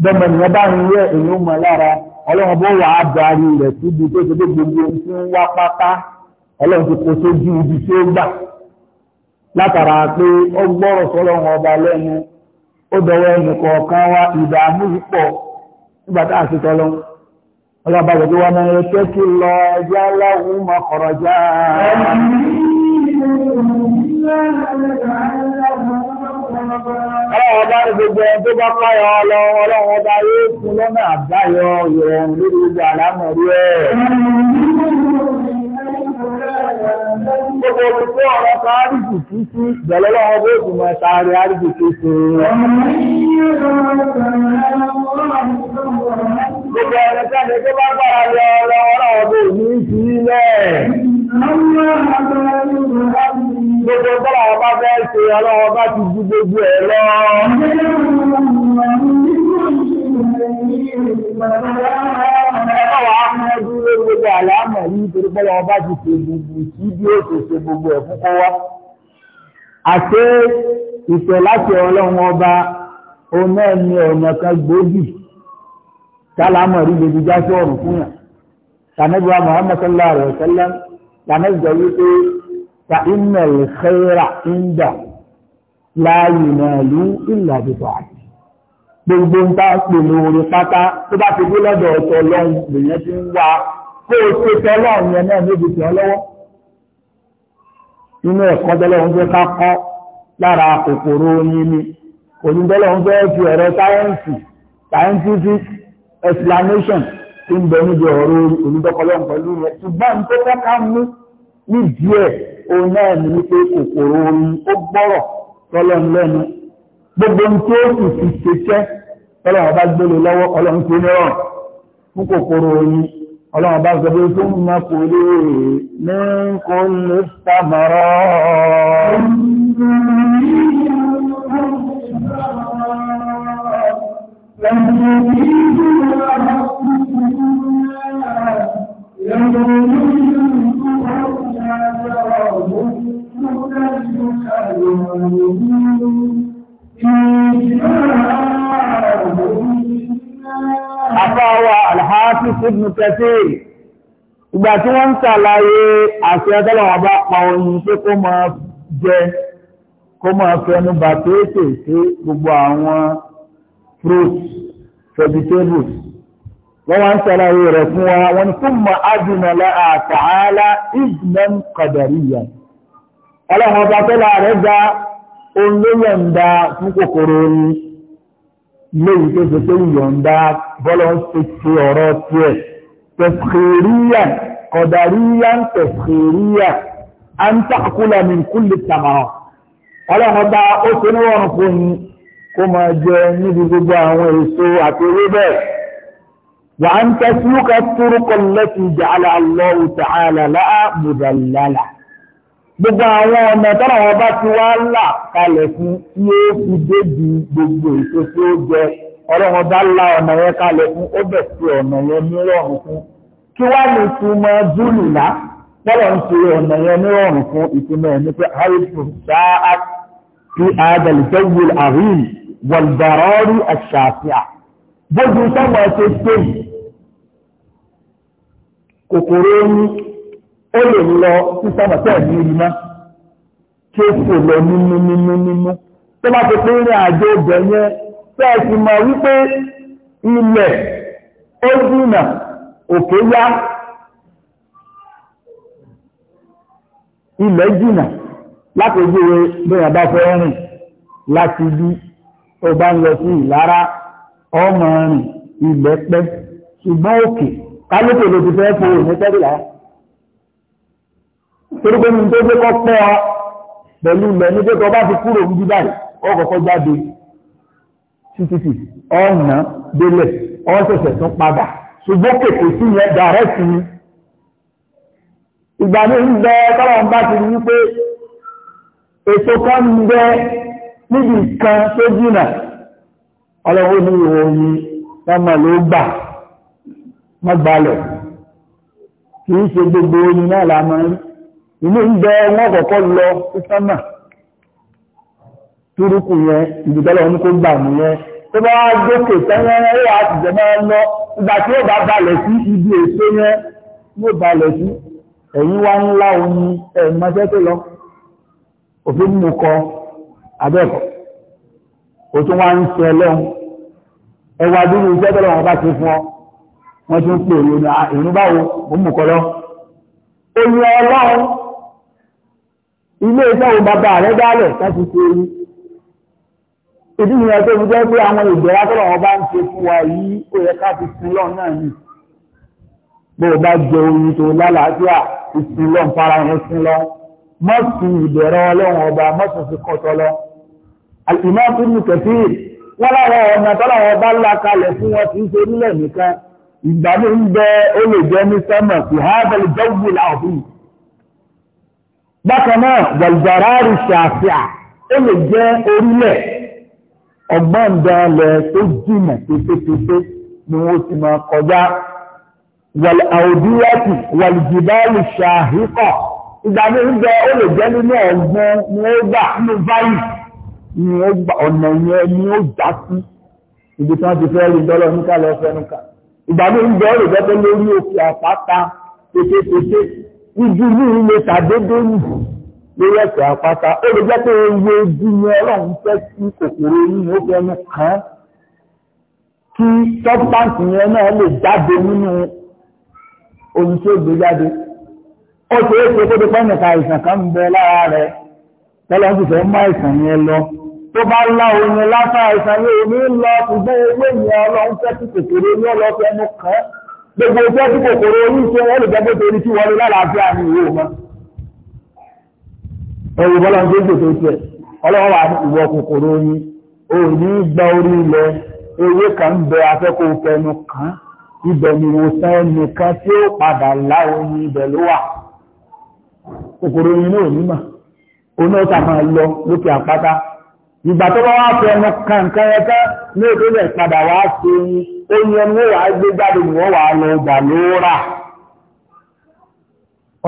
bẹ́ẹ̀ nìyẹn bá rin rẹ̀ èyí ń lára ọlọ́run bó wà á darí rẹ̀ síbi tó ṣe gbogbo tí wá pátá ti kó ibi tí ó gbà látara pé ó gbọ́rọ̀ ọlọ́bàá tó wọ́n mẹ́rin tẹ́ kí lọ ẹjẹ́ aláwọ̀ mọ̀kọ̀rọ̀já ọlọ́wọ́ bá ní gbogbo ẹni tó bá páyọ ọlọ́wọ́ bá yóò fún lọ́nà àbáyọ ìrọ̀rùn lórí gbogbo àlámọ̀rí ẹ̀ Gbogbo olùkọ́ ọ̀rọ̀ kan áríjì tí sí ìjọlọ́wọ́ bó ti mọ̀ sáré áríjì tó Gbogbo ẹnikẹ́ni tó bá gbára lé ọ̀rọ̀ ọ̀rọ̀ ọ̀dọ̀ òní sí ilẹ̀. Gbogbo bọ́lá ọba fẹ́ ṣe ọlọ́wọ́ bá ti ju gbogbo ẹ̀ lọ. Ẹ̀kọ́wà Ahmadu ló gbogbo àlámọ̀ yìí torí bọ́lá ọba ti ṣe gbogbo sí bí ó ṣe ṣe gbogbo ẹ̀ fúnkọ́ wá. Àṣé ìtẹ̀ láti ọlọ́run ọba, òun náà ni ọ̀nà kan tálámọ̀ rí gbèdú já sí ọ̀rùn fún yàn tànẹ́bíwá Muhammad sallallahu alayhi wa sallam tànẹ́bíwá wípé ta iná lè xẹ́ra ń dà láàyè náà lú ìlà àdìbò àti gbogbo ń bá pè ní orin pátá tó bá ti dé lọ́dọ̀ ọ̀tọ̀ lọ́hùn ti ń wá kó o ṣe tọ́ lọ́hùn yẹn inú ẹ̀kọ́ tẹ́lẹ̀ ń fẹ́ ká kọ́ lára kòkòrò oyin ni òyìnbẹ́lẹ̀ ń fẹ́ fi ọ̀rọ̀ sáyẹ́ǹsì scientific explanation tí ń bẹ níbi ọ̀rọ̀ olùdókọlọ́n pẹ̀lú rẹ̀ ṣùgbọ́n tó fẹ́ ká mú ní díẹ̀ òun náà ní wípé kòkòrò orin ó gbọ́rọ̀ tọ́lọ́n lẹ́nu gbogbo ohun tí ó sì fi ṣiṣẹ́ tọ́lọ́n ọba gbélé lọ́wọ́ ọlọ́run tó ní ọ̀rọ̀ fún kòkòrò orin ọlọ́run ọba sọ pé tó ń mọ kò lè ní kò ní sàmọ́rọ́. Àfáwà Alhassis ibn Kathir, ìgbà tí wọ́n ń ṣàlàyé àti ẹgbẹ́lọ́wà bá pa oyin pé kó máa jẹ, kó máa fẹnu bà tó ètè sí gbogbo àwọn fruits vegetables wọ́n wá ń ṣàlàyé rẹ̀ fún wa wọ́n ni fún ma adùnà láà tààlà ìgbìmọ̀n kàdàríyà ọlọ́run ọba tọ́lá rẹ̀ gba olóyọ̀ǹda fún kòkòrò orin léyìí tó ṣe pé ìyọ̀ǹda bọ́lọ̀ ń ṣe ṣe ọ̀rọ̀ tiẹ̀ tẹ̀síríyà kọ̀dàríyà ń tẹ̀síríyà kó máa jẹ níbi gbogbo àwọn èso àti wa wà á ń tẹ́síwúkà túrúkọ lẹ́tì ja'ala ụtọ ta'ala láà gbogbo àwọn ọmọ tọ́nà wọn ti wá là kalẹ̀ fún tí ó gbogbo èso tí ó jẹ ọlọ́run bá la ọ̀nà yẹn kalẹ̀ fún ó bẹ̀ sí ọ̀nà yẹn fún kí wá ní tọ́lọ̀ ń ṣe ọ̀nà yẹn fún ìtumọ̀ ẹ̀ ní pé wọ̀lbàrọ́rù àṣàfíà bójú sọ́mọ̀ ṣe pé kòkòrò ní ó lè lọ sí sọ́mọ̀ tẹ́ ní ìrìnà tí ó fò lọ nínú nínú nínú tó bá ti pé ní àjọ ọbẹ̀ yẹn tẹ́ ẹ ti mọ̀ wípé ilẹ̀ ó dínà òkè yá ilẹ̀ jìnà láti ojú rẹ̀ bí wọ́n bá fẹ́ rìn láti bí tó bá ń lọ sí ìlara ọmọ rìn ilẹ̀ pẹ́ ṣùgbọ́n òkè kálókè ló ti fẹ́ fòrò ní tẹ́rìlá torí pé ní tó gbé kọ́ pẹ́ ọ pẹ̀lú ilẹ̀ ní pé tó bá ti kúrò ní bíbá yìí ó kọ́kọ́ jáde títí ọ̀nà délẹ̀ ọ̀ṣẹ̀ṣẹ̀ tún padà ṣùgbọ́n kèkè sí yẹn dàrẹ́sì ni ìgbà ní ń bẹ tọ́lọ̀ ń bá ti rí wípé èso kan ń bẹ níbi nǹkan tó jìnà ọlọ́wọ́ ní ìwò omi ọmọ ló gbà mọ́gbàlẹ̀ kì í ṣe gbogbo omi náà lámọ́ ilé ń bẹ wọ́n kọ̀kọ́ lọ sí sánmà túrúkù yẹn ìdìbẹ́lẹ̀ omi kó gbà mú yẹn tó bá gòkè tẹ́yẹrẹ ó wà á ti jẹ máa lọ ìgbà tí ó bá balẹ̀ sí ibi èso yẹn yóò balẹ̀ sí ẹ̀yìn wá ńlá omi ẹ̀ mọ́ṣẹ́ tó lọ òfin mú kọ abẹ́ẹ̀kọ́ o tún wá ń sọ ẹlọ́run ẹwà dúró iṣẹ́ tọ́lọ̀ wọn bá ti fún ọ wọ́n tún pè é ìrún báwo ó mú lọ. ọlọ́run ilé iṣẹ́ wo bàbá rẹ̀ dálẹ̀ láti ṣe eyín ìdí ìyẹn tó jẹ́ pé àwọn tọ́lọ̀ wọn bá ń ṣe fún wa yìí Al-Imam Ibn Kathir wọ́n láwọn ọ̀nà tọ́láwọn bá ńlá kalẹ̀ fún wọn tí ń ṣe nílẹ̀ nìkan ìgbà ní ń bẹ ó lè jẹ́ ní sẹ́mọ̀ sí hábẹ̀lì jọ́gbì láàbù bákan náà gbàlùbàrárì ṣàfíà ó lè jẹ́ orílẹ̀ ọgbọ́n ìdánlẹ̀ tó jìnà pépépépé ni wọ́n ti máa kọjá wàlẹ̀ àwòdíyàtì wàlẹ̀ jìbáàlì ṣàhíkọ̀ ìgbà ní ń bẹ ó lè jẹ́ nínú ọ̀gbọ́n ni ó gbà nínú báyìí ni ó gbà ọ̀nà yẹn ni ó já sí ibi tí wọ́n ti fẹ́ rí dọ́lọ́ níkà lọ fẹ́nuka ìgbà ló ń bẹ́ẹ̀ rò gẹ́gẹ́ lórí òkè àpáta tètètètè ibi ní ilé tàdédé nì lórí ẹ̀sẹ̀ àpáta ó lè jẹ́ pé ewé ojú ni ọlọ́run fẹ́ sí kòkòrò yìí ó fẹ́ nu kàn án kí sọ́pàǹtì yẹn náà lè jáde nínú ohun tó gbé jáde ó ṣeé ṣe kó tó pẹ́ nìka ìsàn kan ń bẹ lára rẹ̀ tọ́lọ́ sì fẹ́ má ìsàn yẹn lọ tó bá lá oyin lásán àìsàn yóò ní lọ ṣùgbọ́n ewé yẹn ọlọ́run fẹ́ tí kòkòrò ní ọlọ́ fẹ́ mú kàn gbogbo fẹ́ tí kòkòrò oyin ṣe wọ́n lè jẹ́gbẹ́ torí tí wọlé lálàáfíà ní ìwé ẹ̀rù bọ́lá ń gbé gbèsè tiẹ̀ ọlọ́run wà ìwọ kòkòrò ní gba orí ilẹ̀ ewé kan bẹ afẹ́kọ̀ kan ibẹ̀ ni tí ó padà onáta máa lọ lókè àpáta ìgbà tó wá fẹ́ ọmọ ní padà wá sí oyin gbé jáde ni wọ́n lọ ọgbà ló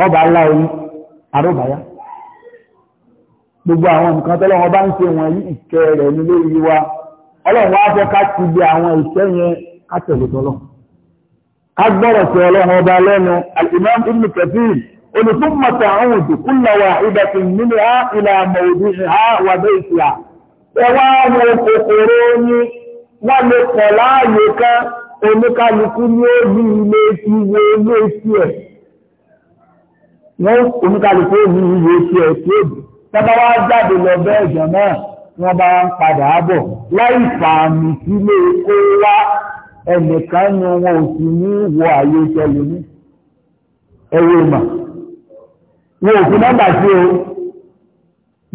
ọba ńlá oyin gbogbo àwọn nǹkan tó lọ́wọ́ bá ń ìkẹ́ rẹ̀ wa ọlọ́run wá fẹ́ ká ti di àwọn ìṣe yẹn ká ká gbọ́rọ̀ sí ọlọ́run ọba lẹ́nu Al-Imam ثم تعود كل واحدة منها إلى موضعها وبيتها ẹwà wo kòkòrò ní wọ́n lè kọ̀ láàyè kan oníkálukú ní ó bí ilé ti wo ilé ti ẹ̀ wọ́n oníkálukú ó bí ilé ti ẹ̀ tí ó bì wá jáde lọ bẹ́ẹ̀ jọ náà wọ́n bá ń padà bọ̀ láì fààmì sílé kó wá ẹnìkan ni wọn ò sì ní wo àyè ìṣẹ̀lẹ̀ ní ẹ̀wọ̀n mà wo òfin nọ́mbà sí o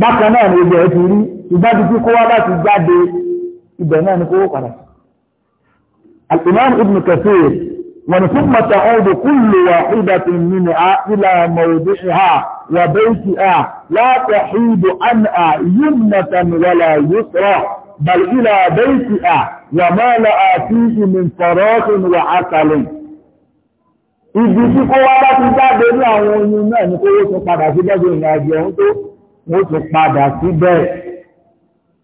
bákan náà ni ibẹ̀ ti rí ìgbàdí tí kó wá bá ti jáde ibẹ̀ náà ni kó wó padà al-imam ibn kathir wọn ni fún mọ̀tà ọdún kullu wahidatin minha ila mawdi'iha wa baytiha la tahidu anha yumnatan wala yusra bal ila baytiha wa ma la'a fihi min faraghin wa 'asalin ibi tí kó wá bá ti jáde ní àwọn oyún náà ni kó wọ́n tún padà sí bẹ́ẹ̀ ìrìn àjò ọ̀hún tó wọ́n tún padà sí bẹ́ẹ̀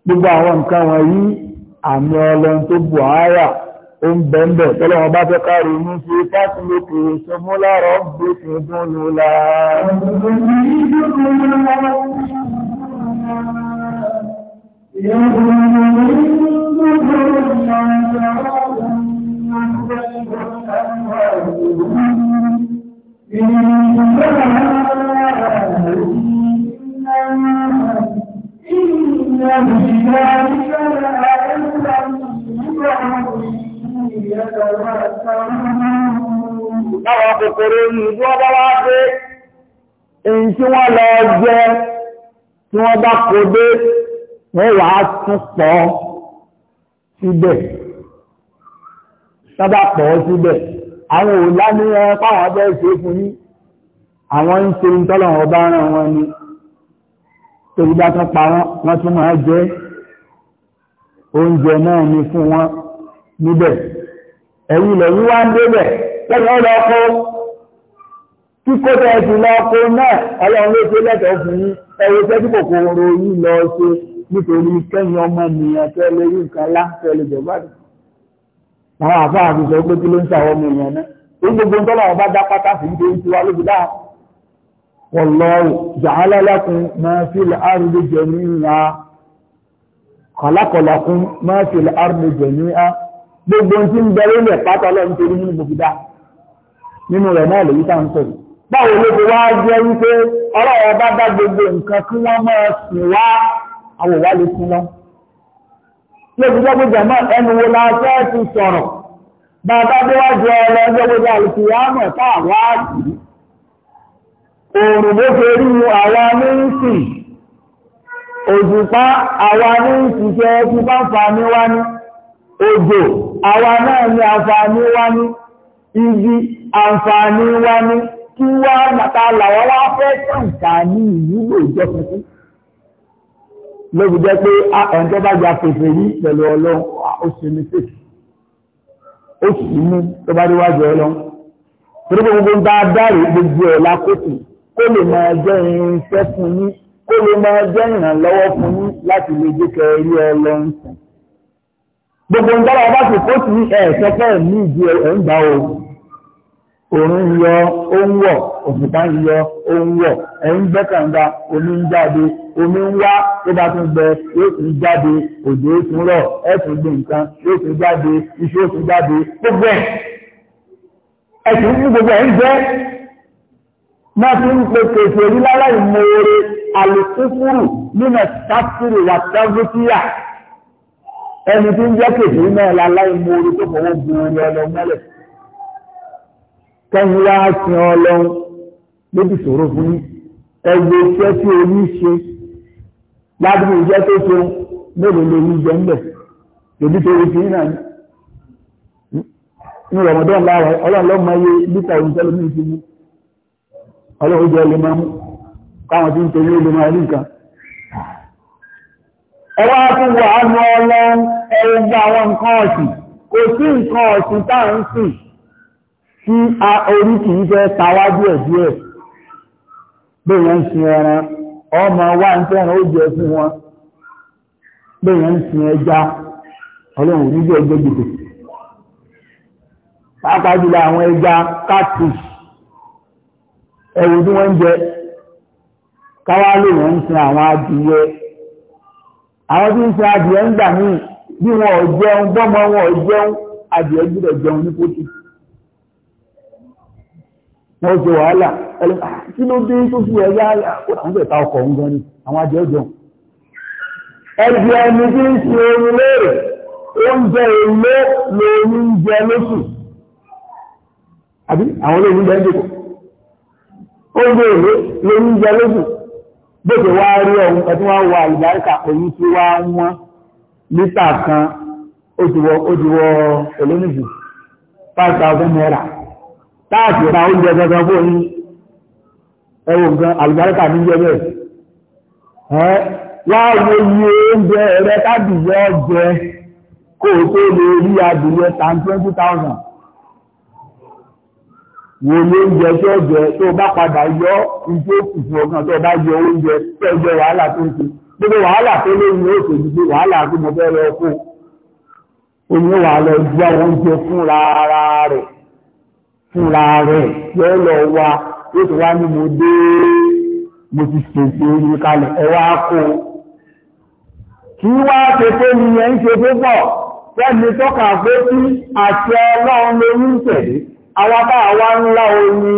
gbogbo àwọn nǹkan wọ̀nyí àmì ọlọ́run tó bù áyà ó ń bẹ̀ ń bẹ̀ tọ́lọ́ wọn bá fẹ́ káàrí inú sí fásitì lókè ìṣòmú láàárọ̀ gbèsè dún ló la. Thank you. Báwọn kòkòrò ní ìlú ọba wá dé, èyí tí wọ́n lọ jẹ tí wọ́n bá kò dé, wọ́n wà á tún pọ̀ síbẹ̀. Sábà pọ̀ síbẹ̀ àwọn òlá ní ẹran páwọn ṣe fún ní àwọn ń ṣe ń tọ́lọ̀ ọba rán wọn ni torí bá tán pa wọn wọ́n tún máa jẹ oúnjẹ náà ni fún wọn níbẹ̀ ẹ̀yìn ilẹ̀ yìí wá ń débẹ̀ lẹ́yìn ọlọ́kọ́ kíkó tẹ́ ti lọ́kọ́ náà ọlọ́run ló ṣe lẹ́tọ̀ọ́ fún yín ẹ̀rọ tẹ́jú àwọn àfáà àti sọ pé kí ló ń sa àwọn ọmọ èèyàn náà ó gbogbo ń tọ́lọ̀ ọba dá pátá sí ní tiwa lóbi dáa wallahu ja'ala lakum ma fil ardi jami'a khalaqa lakum ma fil ardi jami'a gbogbo ń ti ń bẹ̀rẹ̀ ilẹ̀ pátá lọ nítorí nínú gbogbo dáa nínú rẹ̀ náà lèyí tá à ń sọ̀rọ̀ báwo ló ti wá jẹ́ wípé ọlọ́wọ́ bá dá gbogbo nǹkan kí wọ́n máa sìn wá àwọn òwá lè lóògbé jẹ̀mọ́ ẹnu wo la fẹ́ ti sọ̀rọ̀ bàbá bí wá jẹ ọlọ gbogbo àlùkìyàmọ̀ táàwá sí òòrùn ló fẹ́ rí àwa ní ń sì òjùpá àwa ní ń ṣiṣẹ́ tí bá ń fa ní wá ní òjò àwa náà ní àǹfààní wá ní igi àǹfààní wá ní kí wá nàta làwọn wá fẹ́ kàǹkà ní ìwúlò ìjọ tuntun lóbi jẹ́ pé ẹni tó bá gba pèsè yí pẹ̀lú ọlọ́run ó sì ní pèsè ó sì mú tó bá déwájú ọlọ́run torí pé gbogbo ń bá dárí gbogbo ẹ̀ lákòókò kó lè máa jẹ́ irinṣẹ́ fún yín kó lè máa jẹ́ ìrànlọ́wọ́ fún yín láti lè jẹ́ kẹ́ rí ọlọ́run sùn gbogbo ń dára bá ti kó sí ẹ̀ẹ́sẹ̀kẹ́ ní ìdí ẹ̀ ń gbà òun òrùn yọ ó ń wọ̀ òṣùpá ń yọ ó ń wọ̀ ẹ̀yìn gbẹ́kànga omi ń jáde omi ń wá tó bá tún gbẹ yóò tún jáde òjò ó tún rọ̀ ẹ̀ tún gbé nǹkan yóò tún jáde iṣu ó tún jáde gbogbo ẹ̀ ẹ̀sìn ní gbogbo ẹ̀ ń jẹ́ máa fi ń pe kèsè rí láláì mòore àlùkúkúrù nínú sáfìrì wà sáfìtìyà ẹni tí ń jẹ́ kèsè náà láláì mòore tó fọwọ́ gbòòrò ọlọ́mọlẹ̀. kẹ́yìn wá sin ọlọ́run lóbi sọ̀rọ̀ fún yín ẹgbẹ́ iṣẹ́ tí o ní ṣe ládùúgbò iṣẹ́ tó so mélòó lè ní jẹ ńbẹ̀ èdè tó o ti ní lítà lè máa mú káwọn ń nǹkan tó wà tí a orí kì í fẹ́ tawá díẹ̀ díẹ̀ bẹ́yẹn ń sin ẹran ọmọ wá ń fẹ́ràn ó jẹ fún wọn bẹ́yẹn ń sin ẹja ọlọ́run oníjẹ́ ẹgbẹ́ gbogbo pàápàá jùlọ àwọn ẹja catfish ẹ̀wù tí wọ́n ń jẹ káwá lè wọ́n ń sin àwọn adìyẹ àwọn tí ń sin adìyẹ ń gbà míì bí wọn ò jẹun wọn wọ́n jẹ wàhálà ah, kí ló dé tó fi ẹ̀yà ah, àwọn ẹ̀ta ọkọ̀ ń gan ni àwọn ajẹ́ ọjọ́ ẹgbẹ́ ẹni tí ń ṣe orin lóòrè oúnjẹ èlé lóòrùn jẹ lóṣù àbí àwọn olóòrùn jẹ lóṣù oúnjẹ èlé lóòrùn jẹ lóṣù gbèsè wá rí ọ̀hún ẹ̀tún wá wà ìdáríkà òyìn tí wá wọ́n lítà kan ó ti wọ olónìjì 5000 naira táàsì ra oúnjẹ gangan fún yín ẹwọ nǹkan àlùbáríkà ní jẹ bẹ́ẹ̀ ẹ wá wo iye oúnjẹ rẹ tábìlì ọjẹ kó tó lè rí adìyẹ tan twenty thousand wo ni oúnjẹ tó jẹ tó bá padà yọ ìjó ìfún ọkàn tó bá yọ oúnjẹ tó jẹ wàhálà tó ń ṣe gbogbo wàhálà tó lóyún ó ṣe gbogbo wàhálà tó mọ fẹ́ lọ kó oyin wà lọ ju àwọn oúnjẹ rẹ̀. fúnra rẹ̀ yóò lọ wa yóò tó wá ní mo dé mo ti pèsè orí kalẹ̀ ẹwà kó kí wá pèsè ni ẹ ń ṣe púpọ̀ fẹ́mi tọ́ka pé kí àti ọlọ́run lórí tẹ̀lé awábá àwa ńlá omi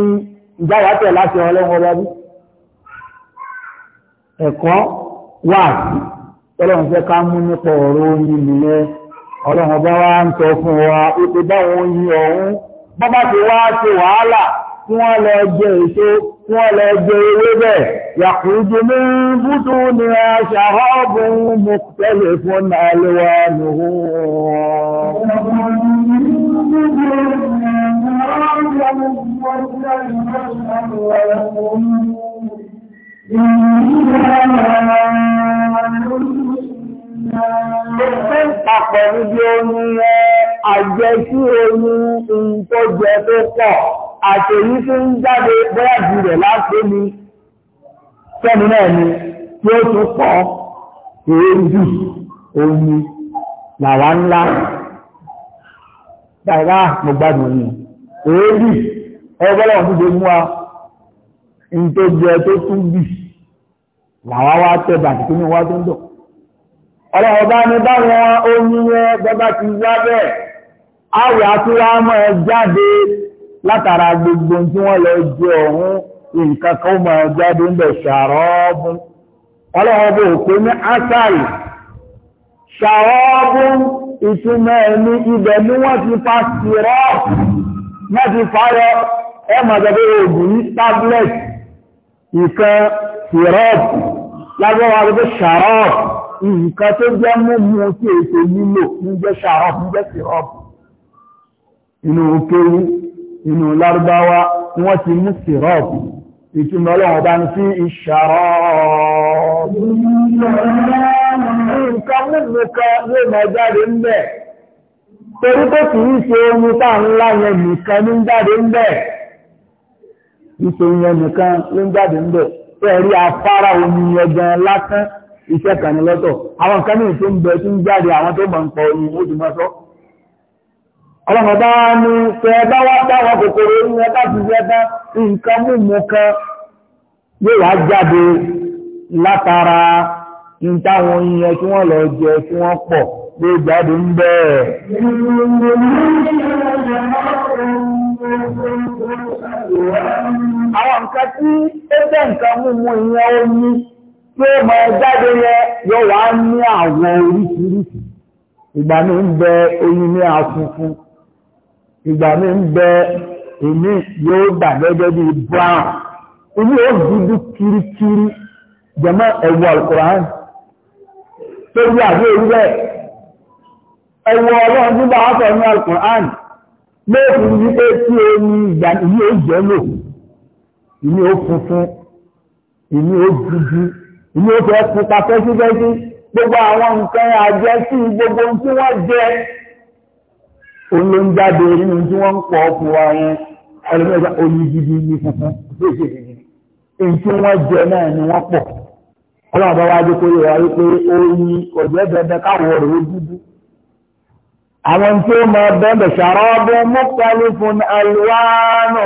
láti ọlọ́run ẹ̀kọ́ wà sí ọlọ́run fẹ́ ká mú nípa ọ̀rọ̀ nìyẹn ọlọ́run ọba bọ́bá ti wá ṣe wàhálà kí wọ́n lọ jẹ èso kí wọ́n lọ jẹ ewé yàkùnjú ní bútú ní aṣàhọ́bùn mú tẹ́lẹ̀ fún àlewà nìhú Ìrìnlẹ́ Ètò ìpapọ̀ níbi omi rẹ, àjẹ́ sí omi ìtọ́jẹ tó pọ̀, àtèyí tó ń jáde bẹ́ẹ̀dì rẹ̀ láti ní sẹ́mi náà ni tí ó tún pọ̀ èébì omi làwá ńlá. Dàrá mo gbádùn ní èébì ẹgbẹ́lẹ̀ ọ̀tún tó mú wa ìtọ́jẹ tó tún bì làwá wá tẹ̀ bàtí kí ni wá tó ń dùn ọlọ́ọ̀bá ní báwọn oníyẹ bọ́bá ti wá bẹ́ẹ̀ àwẹ̀ àtúwà mọ́ ẹ jáde látara gbogbo tí wọ́n lọ jẹ ọ̀hún nǹkan kan mọ́ ẹ jáde ń bẹ̀ ṣàrọ́ọ́bùn ọlọ́ọ̀bá òkú ní ásàì ṣàrọ́ọ́bùn ìtumọ̀ ẹni ibẹ̀ ni wọ́n ti fa sírọ́ lábọ́wà rẹ̀ ṣàrọ́ọ̀ nǹkan tó jẹ́ mímú tí èso nílò ń jẹ́ ṣàrọ́ọ̀ ń jẹ́ sírọ́ọ̀pù inú kéwú inú lárúbáwá wọ́n ti mú sírọ́ọ̀pù ìtumọ̀ ọlọ́run bá ń sí ìṣàrọ́ọ̀pù nǹkan mímú kan ló máa jáde ń bẹ̀ torí tó ẹ̀rí afárá omi ẹgbẹ̀rún lásán iṣẹ́ kan ní lọ́tọ̀ àwọn kan ní ìṣe ń bẹ tí ń jáde àwọn tó mọ̀ ń pọ̀ omi ó ti mọ́ sọ́ ọlọ́mọba ni tẹ bá wọ́n àwọn nǹkan tí ó jẹ́ nǹkan mímu ìyẹn omi tí ó máa jáde yẹ yóò wá ní àwọ̀ oríṣiríṣi ìgbà mi ń bẹ oyin ní afunfun ìgbà mi ń bẹ èmi yóò dà gẹ́gẹ́ bíi brown inú ó dúdú kirikiri jẹ̀mọ́ ẹ̀wọ̀ alukoran lórí àbí orí bẹ́ẹ̀ ẹ̀wọ̀ ọlọ́run tí bá sọ ní alukoran lóòfin wípé tí omi ìgbà ìyí ó jẹ́ lò ìmí ó funfun ìmí ó dúdú ìmí ó fẹ́ pupa fẹ́sífẹ́sí gbogbo àwọn nǹkan àjẹsí gbogbo tí wọ́n jẹ òun ló ń jáde nínú tí wọ́n ń pọ̀ fún wa yẹn ẹlẹ́mẹ́ta oyin ní funfun èyí tí wọ́n jẹ náà ni wọ́n pọ̀ ọlọ́run bá dé kó yẹ wípé oyin ọ̀jẹ́ dandan káwọ̀ rẹ̀ ó dúdú àwọn tí ó máa bẹ́ẹ̀ bẹ̀ ṣàrọ́ ọdún mọ́kànlẹ́fún alwánù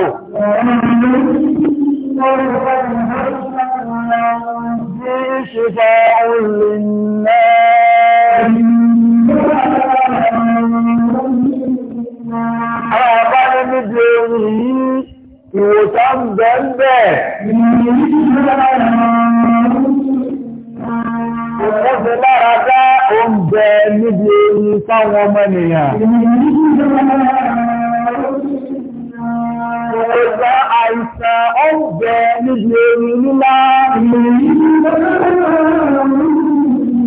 شفاء للناس Àwọn níbi orin yìí ìwòsàn bẹ̀ẹ̀bẹ̀. Ìwòsàn lára dá oúnjẹ níbi orin fáwọn ọmọ nìyàn. Ọ̀pọ̀ àìsàn ọ̀gbẹ́ níbi orin nílá ìlú.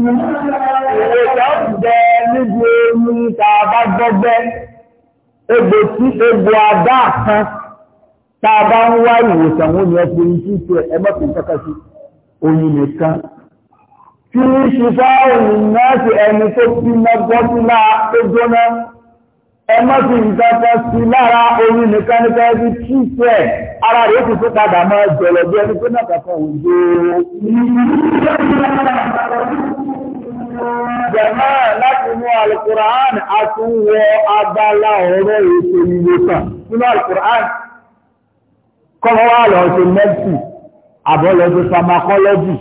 Ìwòsàn ọ̀gbẹ́ níbi orin tàbá gbọ́gbẹ́. Egbò tí egbò àdá kan tàbá ń wá ìwòsàn wọn ni ẹkùn ìṣú tó ẹgbọ́sìn kẹ́kẹ́ sí oyin nìkan. Tí ń ṣe fáwọn ìrìnàṣì ẹni tó fi mọ́gbọ́n sí máa tó jóná ẹ má fi nǹkan kan sí lára orí nìkan nípa ẹbí tí ìfẹ́ ara rẹ̀ kò tó padà máa jọ̀lọ̀ bí ẹni tó náà kankan ò yé o. Jẹ̀mọ́ láti mú Alukur'an àtúnwọ abala ọ̀rọ̀ ètò ìwòsàn nínú Alukur'an. Kọ́mọ wa lọ ṣe mẹ́tì, àbọ̀ lọ ṣe pharmacology,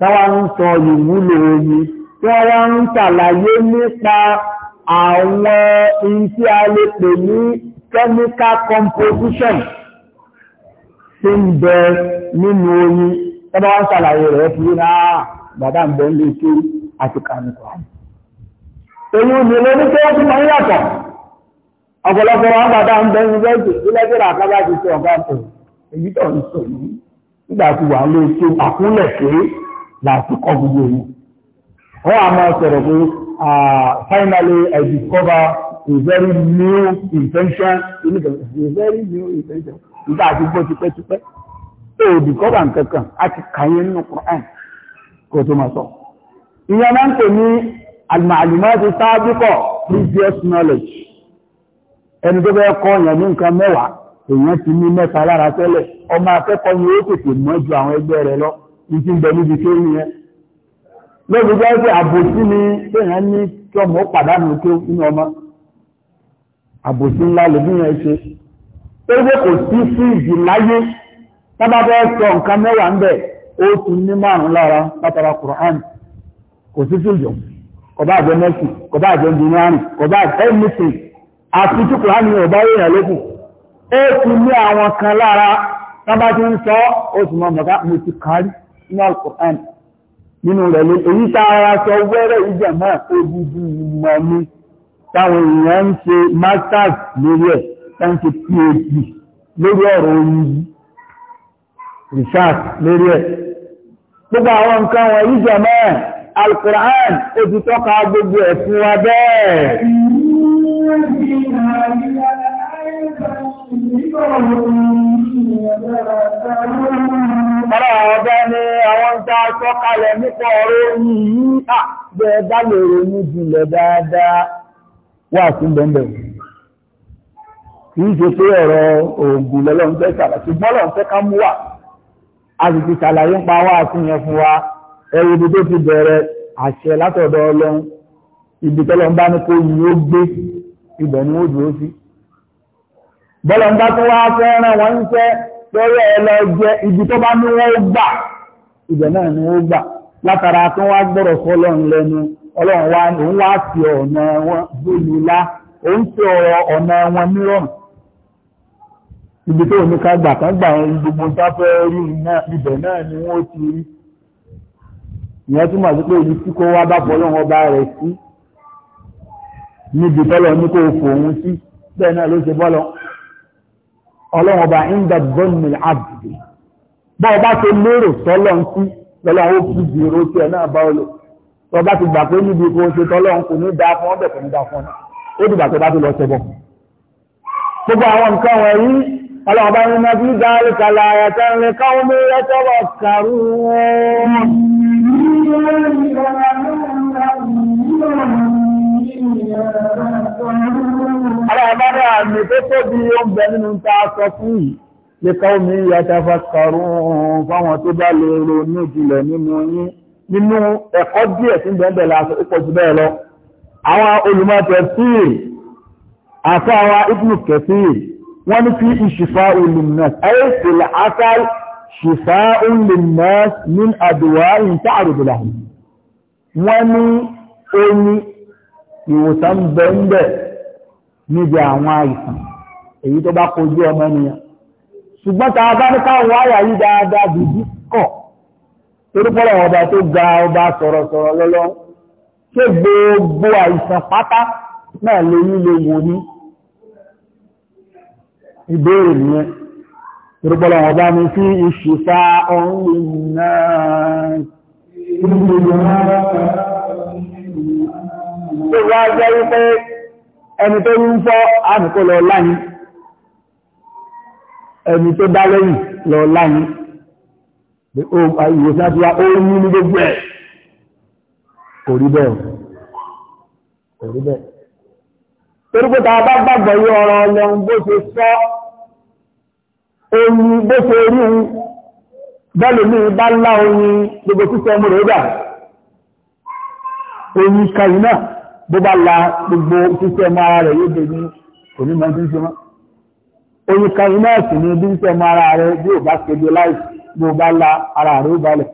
táwa ń sọ ìwúlò omi, tí wọ́n wá ń ṣàlàyé nípa àwọn ohun tí a lè pè ní chemical composition tí ń bẹ nínú tọ́bá rẹ̀ fi náà ah, bàbá ń bẹ ń lè àti ò ní lè ní tí wọ́n yàtọ̀ ọ̀pọ̀lọpọ̀ wọn bàbá ń bẹ ń bẹ jù sí lẹ́gbẹ̀rẹ̀ àkábá ti ṣe ọ̀gá tó èyí ń sọ yìí nígbà Uh, finally I discover a very new invention a very new invention nígbà àti gbọ́ tipẹ́tipẹ́ tó o discover nǹkan kan a ti kàyé nínú Quran kó tó máa sọ. ìyẹn máa me. I'm ní àlùmọ́ ti sáájú kọ̀ previous knowledge ẹni tó bẹ́ẹ̀ kọ́ èèyàn ní nǹkan mẹ́wàá èèyàn ti ní mẹ́ta lára tẹ́lẹ̀ ọmọ akẹ́kọ̀ọ́ yẹn ó tètè mọ́ ju àwọn ẹgbẹ́ rẹ lọ ní ti ń bẹ níbi tó ń yẹn lóbi jẹ́ pé àbòsí ni téèyàn ní kí ọmọ pàdánù kí ó ọmọ àbòsí ńlá lòbí kò sí láyé sọ nǹkan mẹ́wàá ń bẹ̀ ó tún ní márùn-ún lára látara Qur'an kò sí kọba àjọ mẹ́sì kọba àjọ kọba àjọ àti tí Qur'an lókù tún ní àwọn kan lára ń nínú rẹ̀ lé èyí tààrà sọ wẹ́rẹ̀ ìjẹ̀mọ́ odidi ìmọ̀ mi táwọn èèyàn ń ṣe masters lórí ẹ̀ tán ṣe phd lórí ọ̀rọ̀ oyin research lórí ẹ̀ gbogbo àwọn nǹkan wọn ìjẹ̀mọ́ alkùnrán ó ti tọ́ka gbogbo ẹ̀ wa bẹ́ẹ̀ Thank you sọ́kalẹ̀ nípa ọ̀rọ̀ oyin yìí àgbẹ̀ bá lè ronú jùlọ dáadáa wà sí bẹ̀m̀bẹ̀. Kì ṣe pé ọ̀rọ̀ òògùn lọ́lọ́run fẹ́ sàlà ṣùgbọ́n lọ́run fẹ́ ká mú wà. A sì ti ṣàlàyé ń pa wá àfihàn fún wa ẹrù ibi tó ti bẹ̀rẹ̀ àṣẹ látọ̀dọ̀ ọlọ́run ibi tọ́lọ́run bá ní kó yìí ó gbé ibẹ̀ ni ó dúró sí. Bọ́lọ̀ ń bá tún wá fẹ́ràn wọ́n ń fẹ́ lọ́rọ̀ ẹ lọ jẹ ibi tó bá ní wọ́n gbà ibẹ̀ náà ni ó gbà látara tó wá gbọ́rọ̀ fọ́lọ́run lẹ́nu ọlọ́run wá òun wá fi ọ̀nà wọn gbóyè lá òun fi ọ̀rọ̀ ọ̀nà wọn mìíràn ibi tó ní ká gbà kan gbà wọn gbogbo sáfẹ́ rí ibẹ̀ náà ni wọ́n ti rí ìyẹn túmọ̀ sí pé ibi tí kò wá bá fọlọ́run ọba rẹ̀ sí níbi tọ́lọ̀ ní kò fòun sí bẹ́ẹ̀ náà ló ṣe bọ́lọ́ ọlọ́run ọba ń mi àbùdé bọ́ ọba ṣe lérò tọ́lọ́ ń sí lọ́lọ́ ó fi gbèrò tí ẹ náà bá ọ lò tọba ti gbà pé níbi kò ṣe tọ́lọ́ ń kò ní dáa fún ọbẹ̀ kò ní dáa fún ọ ó dìgbà tó bá ti lọ ṣẹbọ. gbogbo àwọn nǹkan wọ̀nyí ọlọ́run bá ní iná bí dárí kalẹ̀ àyàtọ̀ ń lè káwọn bí ẹjọ́ bọ̀ kàrú wọn. ọlọ́run bá ní àmì tó tóbi liqawmi yatafakkarun fáwọn tó bá lè ronú ìjìnlẹ̀ nínú yín nínú ẹ̀kọ́ díẹ̀ tí bẹ̀ẹ̀bẹ̀ láti ó pọ̀jù bẹ́ẹ̀ lọ àwọn olùmọ̀tẹ̀ síì àti àwọn ibnu kathir wọ́n ní fi ìṣìfà olùmọ̀s ayéṣìlẹ̀ asal ṣìfà olùmọ̀s ní àdùwà ìta àrùbùlàhù ṣùgbọ́n tá a bá ní káwọn àyà yìí dáadáa dìbí kọ̀ torípọ́lọ̀ ọba tó ga ọba sọ̀rọ̀sọ̀rọ̀ lọ́lọ́ ṣé gbogbo àìsàn pátá náà lè ní lè wò ní ìbéèrè nìyẹn torípọ́lọ̀ ọba ní sí ìṣèṣà ọ̀hún náà tó wá jẹ́ wípé ẹni tó ń fọ́ àmì kó lọ láyìn ẹni tó dá lẹ́yìn lọ láyìn ìwòsàn àti wa ó ní ní gbogbo ẹ̀ kò rí bẹ́ẹ̀ kò rí bẹ́ẹ̀ torí pé tá a bá gbàgbọ́ yí ọ̀rọ̀ ọlọ́run bó ṣe sọ oyin bó ṣe rí un bẹ́ẹ̀ ní bá ńlá oyin gbogbo sísọ ọmọ rẹ̀ oyin kàyí náà bó bá la gbogbo sísọ ọmọ ara rẹ̀ yóò dé ní onímọ̀ tí ń ṣe mọ́ oyin karinẹ́ẹ̀sì ni bí ń tẹ́mọ ara rẹ̀ bí ò bá ṣojú láìsí bí ó bá la ara rẹ̀ ó balẹ̀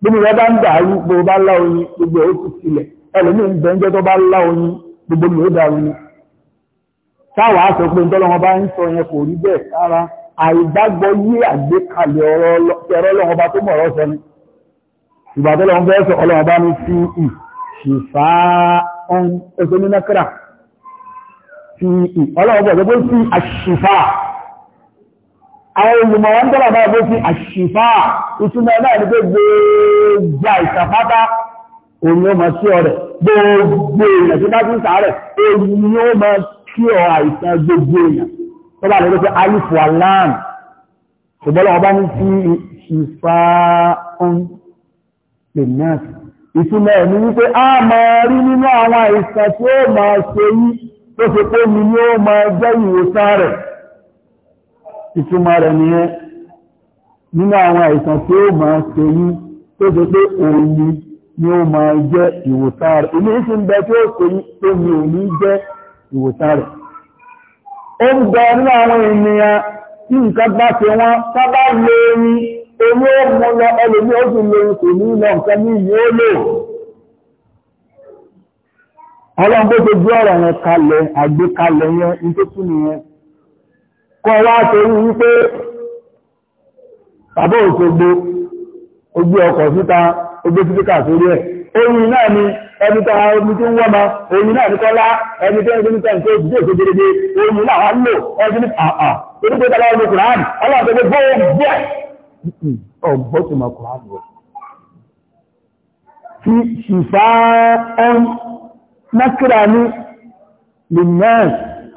bí mi rẹ̀ bá ń dàrú bí ó bá lá oyin gbogbo ẹ̀ ó ti sílẹ̀ ẹlòmíì ń bẹ́ńjẹ́ tó bá lá oyin gbogbo mi ó dàrú ni táwa sọ pé ntọ́lọ́wọ́n bá ń sọ yẹn kò rí bẹ́ẹ̀ rárá àìgbàgbọ́ yí àgbékalẹ̀ ọ̀rọ̀ ọlọ́wọ́n bá tó mọ̀ ọ̀rọ̀ sọ ni ìgbà tó lọ́wọ́n fẹ́ sọ ọlọ́wọ́n bá ní fi ì ṣìfà ọ̀n ẹ̀sọ́ nínú kẹ́rà fi ì ọlọ́wọ́n bọ̀ tó fi àṣìfà àwọn olùmọ̀ wọn tọ́lá bá bó sí àṣìfà ìtumọ̀ náà ní pé gbogbo ìsàpátá òun ó máa sí ọ̀rẹ́ gbogbo èèyàn tó bá tún sàárẹ̀ òun ó máa sí ọ àìsàn gbogbo èèyàn tó bá lọ́dọ́ pé alifu alam ṣùgbọ́n ọba ní sí ìṣìfà ọ̀n lè náà ìtumọ̀ ẹ̀mí wípé a máa rí nínú àwọn àìsàn tí ó máa ṣe yí tó fi pé mi ni ó máa jẹ́ ìwòsàn rẹ̀ ìtumọ̀ rẹ̀ nìyẹn nínú àwọn àìsàn tí ó máa ṣe yí tó ṣe pé òní ni ó máa jẹ́ ìwòsàn rẹ̀ ilé ìṣẹ́ ń bẹ tí ó ṣe yí tó ní òní jẹ́ ìwòsàn rẹ̀ ó ń bẹ nínú àwọn ènìyàn tí nǹkan bá ṣe wọ́n sábà lo orin orí ó mú lọ ẹlòmí ó sì lo kò ní lọ nǹkan ní ìyó lò ọlọ́run bó ṣe gbé ọ̀rọ̀ yẹn kalẹ̀ àgbékalẹ̀ yẹn ní tó tún nìyẹn kọ́ wá torí wípé bàbá òṣogbo ojú ọkọ̀ síta ogbé sítíkà sórí ẹ̀ oyin náà ni ẹni tó ara omi tí ń wọ́n ma oyin náà ní kọ́lá ẹni tó ẹgbẹ́ níta nǹkan òṣìṣẹ́ òṣìṣẹ́ gẹ́gẹ́ oyin náà lò ẹni àà torí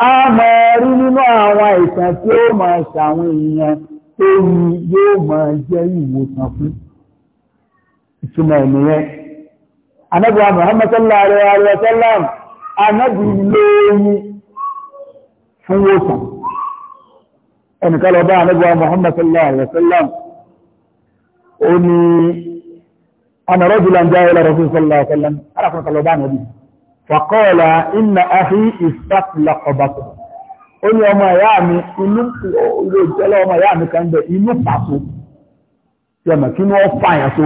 a mọ̀ rí nínú àwọn àìsàn tí ó máa ṣàwọn èèyàn tó yí yóò máa jẹ́ ìwòsàn fún ìtumọ̀ ènìyàn anábíwá Muhammad sallallahu alaihi wa sallam anábí lóyún fún wòsàn ẹnìkan lọ bá anábíwá Muhammad sallallahu alaihi wa sallam ó ní ana rajulan jaa ila rasul sallallahu alaihi wa sallam fàkọ́ọ̀lá iná ahí ìsàkùlàkọ̀bàkọ̀ ó ní ọmọ ọma mi inú ilé ọmọ mi kan bẹ̀ inú pàṣọ yẹmọ̀ kí wọ́n fàyàn tó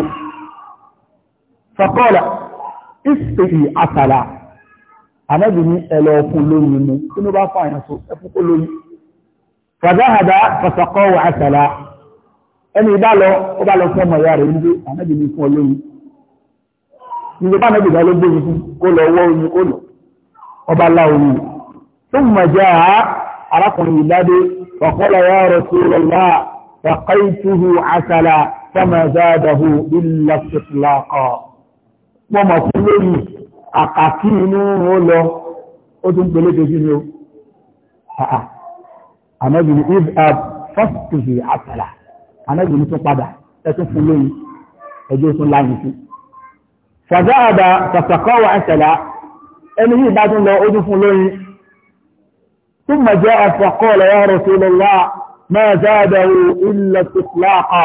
fàkọ́ọ̀lá ìsìkì àtàlà anábì ní ẹlọ ọkùn mú kí ló bá tó fàdáhàdá àtàlà ẹni ó bá lọ fún ọmọ nígbà mẹ́bí ìgbà ló gbé omi fún kó lọ wọ́ omi kó lọ ọba lá omi tó mọ̀ jẹ́ àá arákùnrin ìládé ọ̀kọ́lọ̀ ya Rasulullah faqaytuhu asala fama zadahu illa istitlaqa wọ́n mọ̀ fún lórí àkàkí inú ó ó tún pèlé ẹjọ́ tún láyìn fún fàdá àdá fàṣàkọ́ wà ẹsẹ̀lá ẹni yìí bá tún lọ ojú fún lóyìn tó mà jẹ́ àfàkọ́ lọ́wọ́ rọ̀sọ́lọ́wà máa záàdà ilẹ̀ tìfìláàkà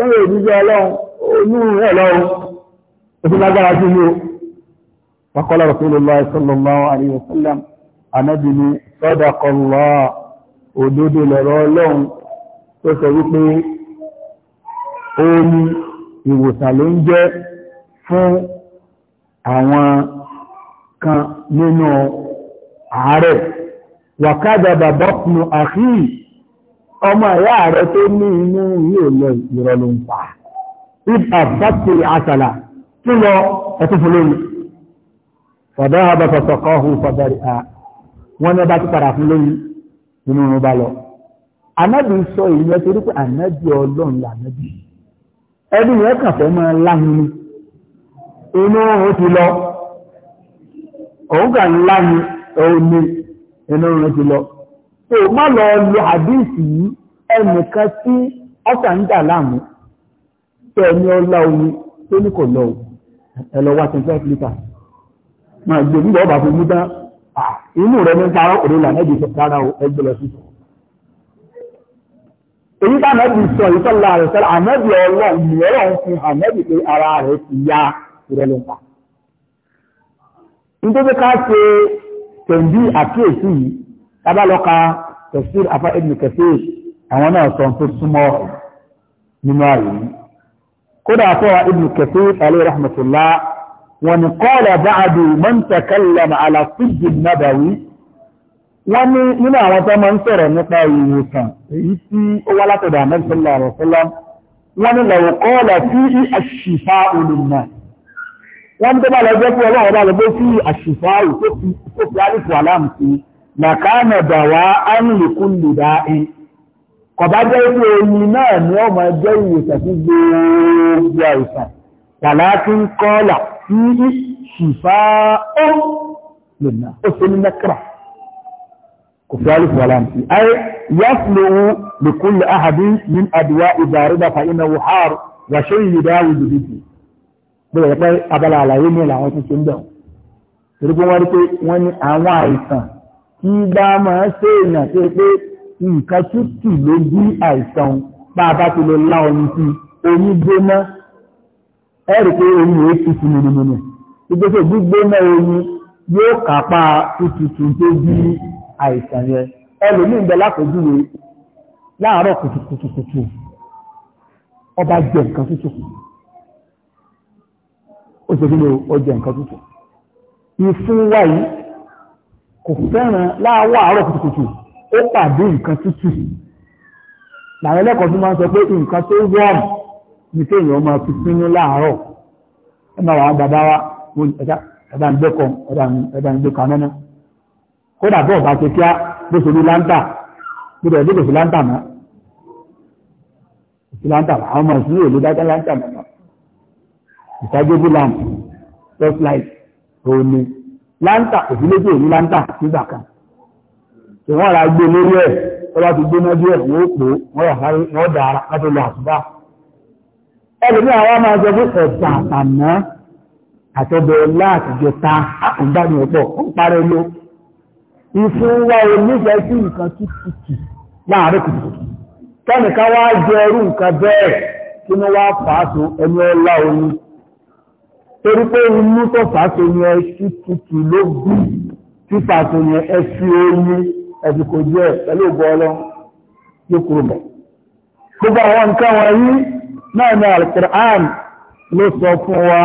ó lè jíjẹ́ ọlọ́run olú ẹ̀lọ́run ó tún lágbára sí ní o fàkọ́lá rọ̀sọ́lọ́wà sallallahu alaihi wasallam ìwòsàn ló ń jẹ́ fún àwọn kan nínú ààrẹ wàkádà bàbá fún àfíì ọmọ ìyá rẹ̀ tó ní inú yóò lọ ìrọ̀lù ń pa ìbà bàtì àtàlà tí lọ ẹ̀tùfù lórí fàdá àbàtàtàkọ́ ọ̀hún fàbàrí à wọ́n ní bá ti fún lórí inú ọmọ bá lọ anábì sọ ìyẹn torí anábì ọlọ́run lànábì ẹni yẹn kàn máa láhùn ni inú oòrùn ti lọ òun ńlá ni òun ni inú ti lọ tó má lọ lo àdíìsì yìí ẹnìkan tí ọ́sà ń dà láàmú tó ẹni ọlá omi tó ní kò lọ wá twenty five litre máa gbé nígbà ọba fún múdá inú rẹ ní parọ́ òde là rárá o ẹgbẹ́ lọ sí. èyí sọ rẹ̀ sọ́lá àmẹ́bí ọlọ́run ni ọlọ́run àmẹ́bí ìrẹ́ ló ń pa. nítorí ká ṣe tẹ̀m̀bí àkíyèsí yìí tábà lọ ka tafsir afa ibn Kathir àwọn náà sọ tó súnmọ́ nínú ààyè yìí. kódà fọ́ ibn Kathir alayhi rahmatullah wọn ni qala ba'du man takallama ala sijji nabawi wọ́n ní nínú àwọn tó máa ń sọ̀rọ̀ nípa ìwòsàn èyí tí ó wá látọ̀dọ̀ àmẹ́sọ̀lá àrọ̀sọ́lá wọ́n ní lẹ̀wọ̀kọ́ ọ̀lá tí àṣìfà wọ́n ń tó bá lọ jẹ́ fún ọlọ́run bá lọ bó sí àṣìfà tó fi àlìfò aláàmù sí làkánà dàwà ánìlẹ̀kùn lè dá ẹ e. kọ̀bá jẹ́ pé oyin náà ni ọmọ ẹgbẹ́ ìwòsàn sí gbogbo àìsàn wàláàkí ń kọ́ọ̀là ṣìfà ó lònà ó ṣe ní mẹ́kìrà kò fi àlìfò aláàmù sí ayé yásùlówó lèkùn lè áhàdín ní àdìwá ìdàrúdà fa iná wàṣẹ́ ìlú dáwùdù bóyá pé abala àlàyé ní làwọn tún ṣe ń bẹ̀rù torí pé wọ́n rí pé wọ́n ní àwọn àìsàn tí bá máa ṣe èèyàn tó pé nǹkan tútù ló bí àìsàn bá a bá ti lè lá omi sí omi gbóná ẹ rí pé omi yóò tutù mìnìmìnì ìgbésẹ̀ gbígbóná omi yóò kápá tutù tó bí àìsàn yẹn ẹlòmíì ń bẹ lápèjúwe láàárọ̀ kùtùkùtùkùtù ọba jẹ nǹkan tútù kùtù ó ṣe kí ló ọjọ́ nǹkan tútù ìfún wa yìí kò fẹ́ràn láàárọ̀ àárọ̀ kùtùkùtù ó pàdé nǹkan tútù làwọn ẹlẹ́kọ̀ọ́ tó máa ń sọ pé nǹkan tó wọ́n ní kéèyàn máa fi sínú láàárọ̀ ẹ máa wà á bàbá wa ẹ̀dá ń gbẹ́kọ̀ ẹ̀dá ń gbẹ́kọ̀ anáná kódà bọ́ọ̀ bá ṣe kíá bó ṣe ní láńtà gbọdọ̀ ẹ̀dẹ́gbẹ̀ṣẹ̀ láńtà mọ́ ìṣẹ̀ láńtà àwọn ọmọ ìṣúlẹ̀ ò lè dájá láńtà mọ́ ìtajébí lamp first light òun láńtà òní láńtà nígbà kan tí wọ́n rà gbé lórí ẹ̀ tó bá ti gbé wọ́n pò wọ́n sáré wọ́n dà ara láti lọ àtúbà ẹ̀rù ní àwọn máa fún ẹ̀bà àtọ́bẹ̀ ta àkùnbáni ọ̀pọ̀ ń parẹ́ ìfún wa ò nífẹ̀ẹ́ sí nǹkan kẹ́nìkan wá jẹ irú nǹkan bẹ́ẹ̀ kí wá fàá tó ẹni ọlá torí pé inú tó fàáso yẹn ẹṣú tutù ló bù tí fàáso yẹn ẹṣú oyin ẹ̀dùkò jẹ́ pẹ̀lú ògbọ́ ọlọ́ yóò kúrò bẹ̀. gbogbo àwọn nǹkan wọ̀nyí náà ní alukur'an ló sọ fún wa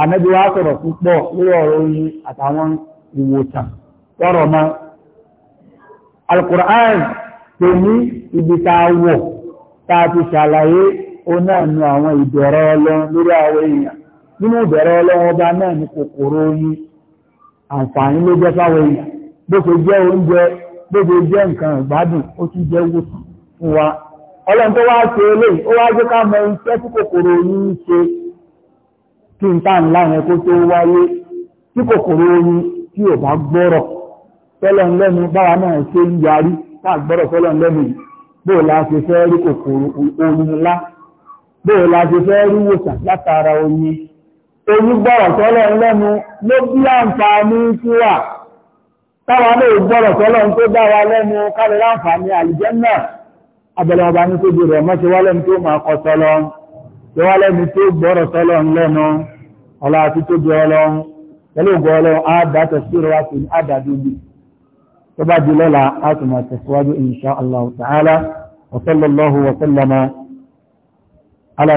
ànábi wa sọ̀rọ̀ púpọ̀ lórí ọ̀rọ̀ oyin àtàwọn ìwòsàn lọ́rọ̀ mọ́. alukur'an tó ní ibi tá a wọ̀ tá a ti ṣàlàyé ó náà nu àwọn ìbẹ̀rẹ̀ ọlọ́ lórí àwọn èèyàn nínú ìbẹ̀rẹ̀ ọlọ́wọ́ ọba náà ní kòkòrò oyin àǹfààní ló jẹ́ fáwọn èèyàn bó ṣe jẹ́ oúnjẹ bó ṣe jẹ́ nǹkan ìgbádùn ó tún jẹ́ wòsàn fún wa ọlọ́run tó wá ṣe eléyìí ó wá jẹ́ ká mọ iṣẹ́ tí kòkòrò oyin ń ṣe kí n táà ńlá yẹn kó tó wáyé tí kòkòrò oyin tí ò bá gbọ́rọ̀ tọ́lọ̀ ńlẹ́nu báwa náà ṣe ń yarí táà gbọ́rọ̀ tọ́lọ̀ ńlẹ́nu yìí bóò la ṣe fẹ́ rí kòkòrò oyin ńlá bóò la ṣe fẹ́ rí wòsàn látara oyin onígbọ̀rọ̀ tọ́lọ̀ lẹ́nu ló bí àǹfààní tí wà táwa náà gbọ́rọ̀ tọ́lọ̀ tó dá wa lẹ́nu kálẹ̀ láǹfààní àlìjẹ́nà abẹ̀lẹ̀ ọba ní tó di rẹ̀ mọ́ṣe wá lẹ́nu tó máa kọ tọ́lọ̀ tó wá lẹ́nu tó gbọ́rọ̀ tọ́lọ̀ lẹ́nu ọ̀la àti tó di ọlọ́run pẹ̀lú ògbọ́ ọlọ́run á dá tẹ̀síwájú wá sí àdàdúgbì tó bá di lọ́la á tún máa tẹ̀síwájú insha Allah ta'ala wa sallallahu wa sallama ala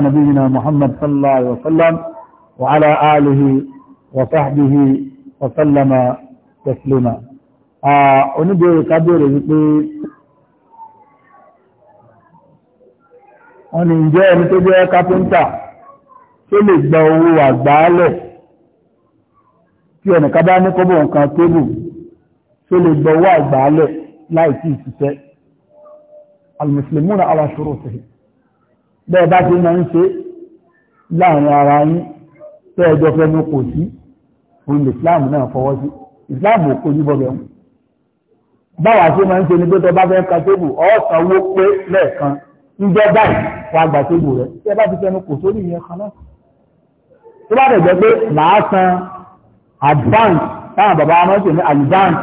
Muhammad sallallahu alaihi wa وعلى آله وصحبه وسلم تسليما oníbèrè kábèrè wípé wọ́n ni ǹjẹ́ ẹni tó jẹ́ kápẹ́ntà tó lè gba owó àgbáálẹ̀ tí ẹnìká bá ní kọ́bọ̀ nǹkan tébù tó lè gba owó àgbáálẹ̀ láìsí ìṣiṣẹ́ almuslimuna ala shurutihi bẹ́ẹ̀ bá ti máa ń ṣe láàrin ara yín tó ẹjọ́ fẹ́nu kò sí òun lè islam náà fọwọ́ sí islam ò kojú bọ́ bẹ̀rù báwa ṣe máa ń ṣe ni pé tó bá fẹ́ ka tébù ọ̀sán owó pé lẹ́ẹ̀kan níjọ́ báyìí wàá gbà tébù rẹ̀ tí ẹ bá ti fẹ́nu kò sórí ìyẹn kan náà tó bá dẹ̀ jẹ́ pé màá san advance táwọn bàbá wa máa ń pè ní advance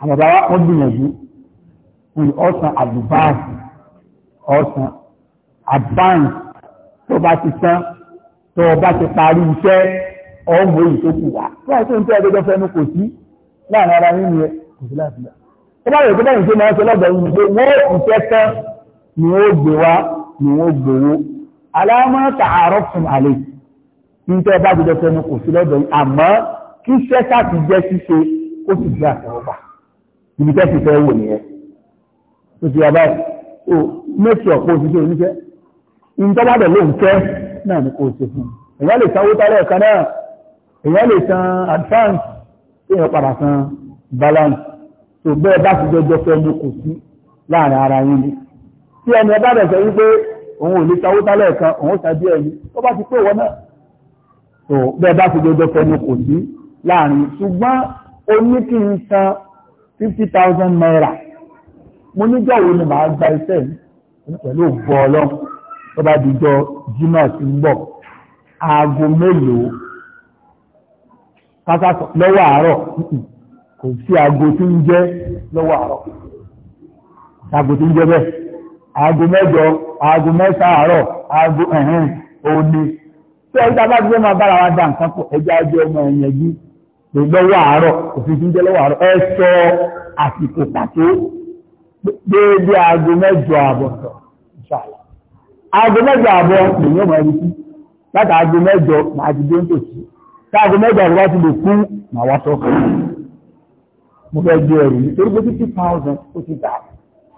àwọn bàbá wa wọ́n gbìyànjú ọ̀sán advance ọ̀sán advance tó bá ti san tó o bá ti parí iṣẹ́ ọ̀gbọ̀n yìí tó kù wá tó àìsí ohun tí ẹgbẹ́jọ́ fẹ́nu kò sí láàrin ara yín yẹn kò sí láti gbà. ó bá rẹ̀ tó bẹ́ẹ̀ ṣe máa ń ṣe lọ́dọ̀ yìí pé wọ́n ìṣẹ́ tán ni wọ́n gbé wá ni wọ́n gbowó aláàmọ́ tààrọ́ fún àlè ní tẹ́ bá ti jọ fẹ́nu kò sí lọ́dọ̀ yìí àmọ́ kí iṣẹ́ sáàtì jẹ́ ṣíṣe ó sì jẹ́ àtẹ̀wọ́gbà ibi tẹ́ ti fẹ́ wò nìyẹn. ó ti yà báyìí ó mẹ́tì ọ̀pọ̀ òṣìṣẹ́ oníṣẹ́ ìjọwádẹ̀ ló ń fẹ́ náà ní kò ṣe fún èyàn lè san owó tálẹ̀ ẹ̀kan náà èyàn lè san advance tí èyàn padà san balance tó bẹ́ẹ̀ bá ti jọjọ fẹ́ ní kò sí láàrin ara yín ni tí ẹni ẹbá rẹ̀ sọ wípé òun ò lè san owó tálẹ̀ ẹ̀kan òun san díẹ̀ ni ó bá ti pé ìwọ náà tó bẹ́ẹ̀ bá ti jọjọ fẹ́ ní kò sí láàrin ṣùgbọ́n o ní kí n san fifty thousand naira mo níjọ́ wo ni màá gba iṣẹ́ mi pẹ̀lú ògbọ́ ọlọ́run tó bá dìjọ jimá sí ń bọ̀ aago mélòó pátásọ lọ́wọ́ àárọ̀ kò sí aago tí ń jẹ́ lọ́wọ́ àárọ̀ aago tí ń jẹ́ bẹ́ẹ̀ aago mẹ́jọ aago mẹ́ta àárọ̀ aago ẹ̀hìn òní tí ẹ̀yí tá bá ti fẹ́ máa bára wa dá nǹkan pọ̀ ẹja ẹjọ́ ọmọ ẹ̀yẹn yìí pé lọ́wọ́ àárọ̀ òfin tí ń lọ́wọ́ àárọ̀ ẹ sọ àsìkò pàtó déédéé aago mẹ́jọ àbọ̀tọ̀ ìṣàlá aago mẹ́jọ àbọ̀ lèyìn ọmọ ẹni sí láti aago mẹ́jọ máa ti dé ń tòsí tí aago mẹ́jọ àbọ̀ bá ti lè kú máa wá sọ fún mo fẹ́ gbé ẹrù yìí torí pé fifty thousand ó ti dà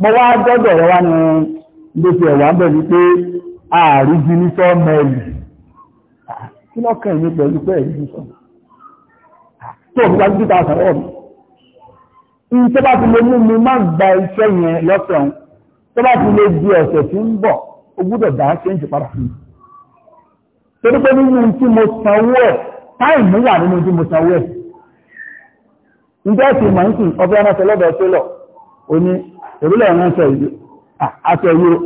mo wá gbọ́dọ̀ rẹ wá ní lóṣù ẹ̀wà ń bẹ̀ ní pé ààrí ju ní sọ mẹ́lì kí lọ́kàn mi pẹ̀lú pé ẹ̀rí ju sọ tó o fi gba fifty thousand ọ̀ mi iṣẹ́ bá ti lè mú mi má gba iṣẹ́ yẹn lọ́sàn tó bá ti lè di ọ̀sẹ̀ tí ń bọ̀ o gbúdọ̀ dá ṣéǹjì padà fún mi. torí pé nínú tí mo sanwó ẹ̀ táìmù wà nínú tí mo sanwó ẹ̀. ǹjẹ́ ti mọ̀ ní ọbẹ̀ ránṣẹ́ lọ́dọ̀ télọ̀ o ní òrùlẹ̀ ránṣẹ́ aṣọ yìí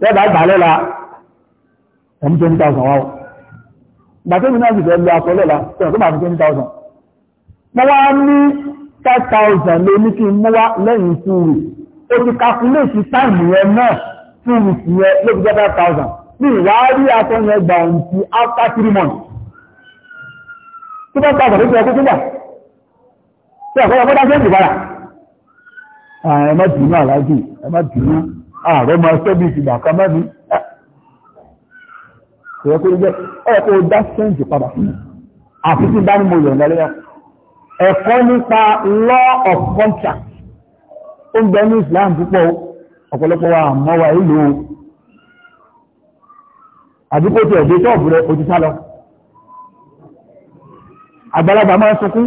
tẹ́bà gbà lọ́la ẹ̀mú 20,000 wáwọ́ gbàtẹ́mì náà sì fẹ́ lọ aṣọ lọ́la tẹ́bà tó bá fi 20,000 mọ́ ní 5,000 lé ní kí n mọ́wá lẹ́yìn túrù ó ti kàkúlẹ̀sì táìmù yẹn náà túrù sí yẹn ló fi jẹ́ 5,000 ní ìwárí aṣọ yẹn gbà ohun ti after three months tó bá pàtàkì tó yẹ tó gbà tí àkọ́kọ́ bá dá sí ẹ̀jẹ̀ bára ẹ̀mọ́ ẹ̀mọ́ dùnú ààrẹ máa sẹ́bí ìgbà kan má ní ah. ẹ̀kọ́ dá sẹ́ǹtì padà fún mi tí bá ní mo ẹ̀kọ́ nípa law of contract ó ń Islam púpọ̀ ọ̀pọ̀lọpọ̀ wa ìlú àdúgbò tí ẹ̀dẹ́ lọ àgbàlagbà máa sunkún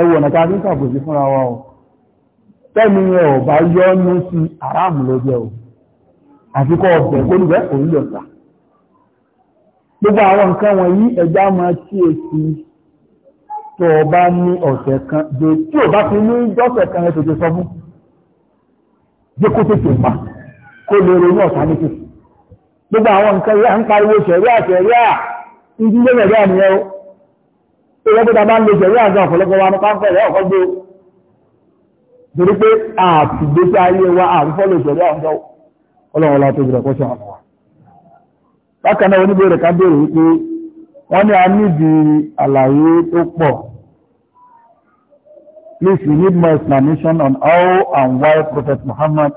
ẹwọ̀ nàta ní sàbòsí fúnra wa ọ̀ tẹ́mi ẹ̀ ọ̀ bá yọ́ ní sí àráàmù ló jẹ́ ọ̀ àfikọ́ ọ̀bẹ̀ gbólùgbẹ́ òun yọ̀ sà gbogbo àwọn nǹkan wọ̀nyí ẹja máa tí èsì tó o bá ní ọ̀sẹ̀ kan jẹ́ tí o bá fi ní jọ́sẹ̀ kan ẹ tètè sọ fún jẹ́ kó tètè pa kó lè ronú ọ̀sá ní tètè gbogbo àwọn nǹkan yìí à ń pariwo ṣẹ̀ríà ṣẹ̀ríà ìdílé mẹ̀dá nìyẹn ìwé pé tàbá ń lo jẹ̀rí àjọ ọ̀pọ̀lọpọ̀ wa ní pápẹ́ rẹ̀ torí pé àtìgbésí ayé wa àrífọ́lò jẹ̀rí àjọ ọlọ́run tó jẹ́ kó àwọn wa bákan náà oníbèrè wípé wọ́n ní a níbi àlàyé tó pọ̀ Please, we need more explanation on how and why Prophet Muhammad,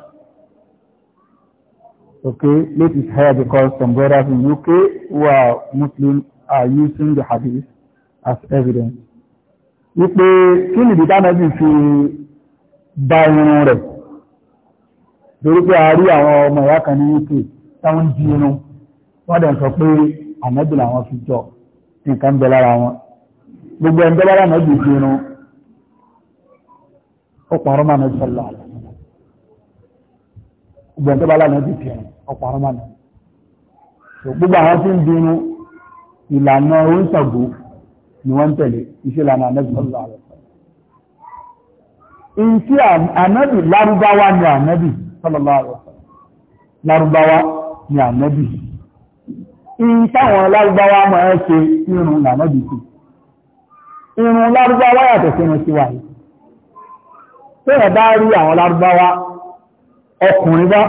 okay, let it here because some brothers in UK who are Muslim are using the hadith as evidence wípé kí nìdí tánàbí fi bá irun rẹ̀ torí pé a rí àwọn ọmọ ìyá kan ní wípé táwọn jí irun wọ́n dẹ̀ sọ pé ànábì làwọn fi jọ nǹkan bẹ lára wọn gbogbo ẹni tọ́lára ànábì fi irun ó pàrọ́ mọ́ ànábì sọ́lá gbogbo ẹni tọ́lára ànábì fi irun ó pàrọ́ mọ́ ànábì gbogbo àwọn tí ń bínú ìlànà oríṣàgbó ni wọ́n tẹ̀lé iṣẹ́ lànà ànábì lọ́lọ́ àrẹ ìṣe ànábì lárúbáwá ni ànábì sọ́lọ́lọ́ àrẹ lárúbáwá ni ànábì ìṣàwọn lárúbáwá máa ń ṣe irun lànábì sí irun lárúbáwá yàtọ̀ sí irun síwá yìí tí wọ́n bá rí àwọn lárúbáwá ọkùnrin bá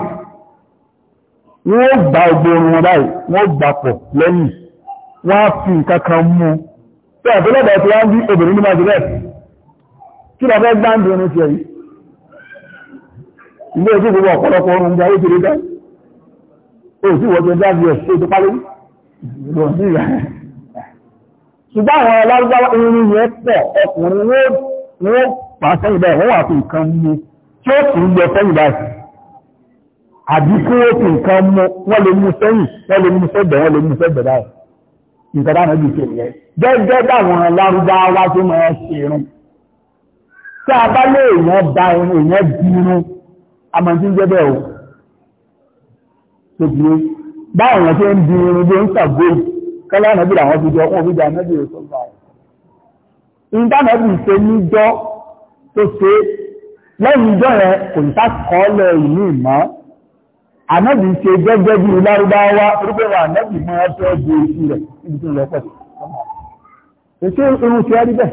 wọ́n gba ọgbọ̀n wọn báyìí wọ́n gbapọ̀ lẹ́yìn wọ́n fi nǹkan kan mú un a tó ọ̀pọ̀lọpọ̀ tí wọ́n ń bí obìnrin ní máa jẹ́ kí lọ fẹ́ gbáǹdì orin ti ẹ̀yí ilé ojú gbogbo ọ̀pọ̀lọpọ̀ orun jẹ́ ojú rí dá ó sì wọ́n jẹ́ jáde ẹ̀ sí ìtúpálẹ́ ṣùgbọ́n àwọn alágbára irin yẹn pọ̀ ọkùnrin wọ́n pàá sẹ́yìn báyìí wọ́n wà fún nǹkan mú tí ó kùn lọ sẹ́yìn báyìí àbí kí ó fi nǹkan mú wọ́n lè mú sẹ́yìn wọ́n lè mú sẹ́gbẹ̀ wọ́n lè mú sẹ́gbẹ̀ báyìí ìtọ́lá náà bí ṣèlú ẹ̀ gẹ́gẹ́ báwọn lárúbáwá tó mọ̀ ẹ́ ṣerun tí a bá lé èèyàn ba irun èèyàn di irun amọ̀tí ń jẹ́ bẹ́ẹ̀ o tóbi báwọn èèyàn tó ń di irun bí ó ń sàgbó kọ́lá náà bí làwọn fi jọ wọn fi jẹ anábì òṣèlú ìdáná bí ṣe níjọ́ tó ṣe lẹ́yìn ìjọ́ yẹn kò ní sá kọ́ lẹ̀ ìlú ìmọ̀ ànábì ṣe gẹ́gẹ́ bí lárúbáwá orúkọ wa ànábì máa fẹ́ di oṣù rẹ̀ níbi tó lọ pọ̀ sí. èso irun ti rí bẹ́ẹ̀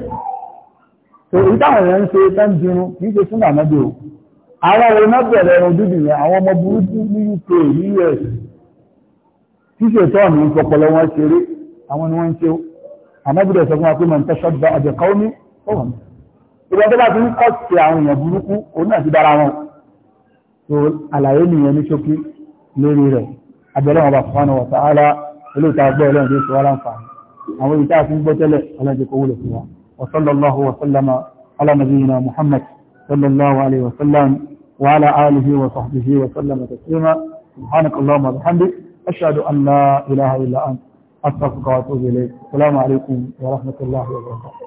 tó èyí táwọn èèyàn ń ṣe tán dirun kì í ṣe fún ànábì o àwọn ọ̀rọ̀ náà bẹ̀rẹ̀ ẹran dúdú yẹn àwọn ọmọ burúkú ní UK ní US tí ṣe tọ́ àmì ìfọpọlọ wọn ṣeré àwọn ni wọ́n ń ṣe ó ànábì rẹ̀ sọ fún wa pé màá ń tẹ́ṣọ́ gba àjẹkáwó ní ọ̀hún ìgbà tó bá ti ń kọ́ sí àwọn èèyàn burúkú òun náà ti dára wọn so àlàyé nìyẹn ní ṣókí lórí rẹ̀ abẹ́rẹ́ ọba fún wa ta'ala olóòtà gbọ́ ọlọ́run tó wá láǹfààní àwọn ìta àti gbọ́tẹ́lẹ̀ ọlọ́jẹ́ kó wúlò fún wa wa sallallahu wa sallama ala nabiyyina muhammad sallallahu alaihi wa sallam wa ala alihi wa sahbihi wa sallama taslima subhanaka allahumma wa bihamdik ashhadu an la ilaha illa ant astaghfiruka wa atubu ilayk assalamu alaikum wa rahmatullahi wa barakatuh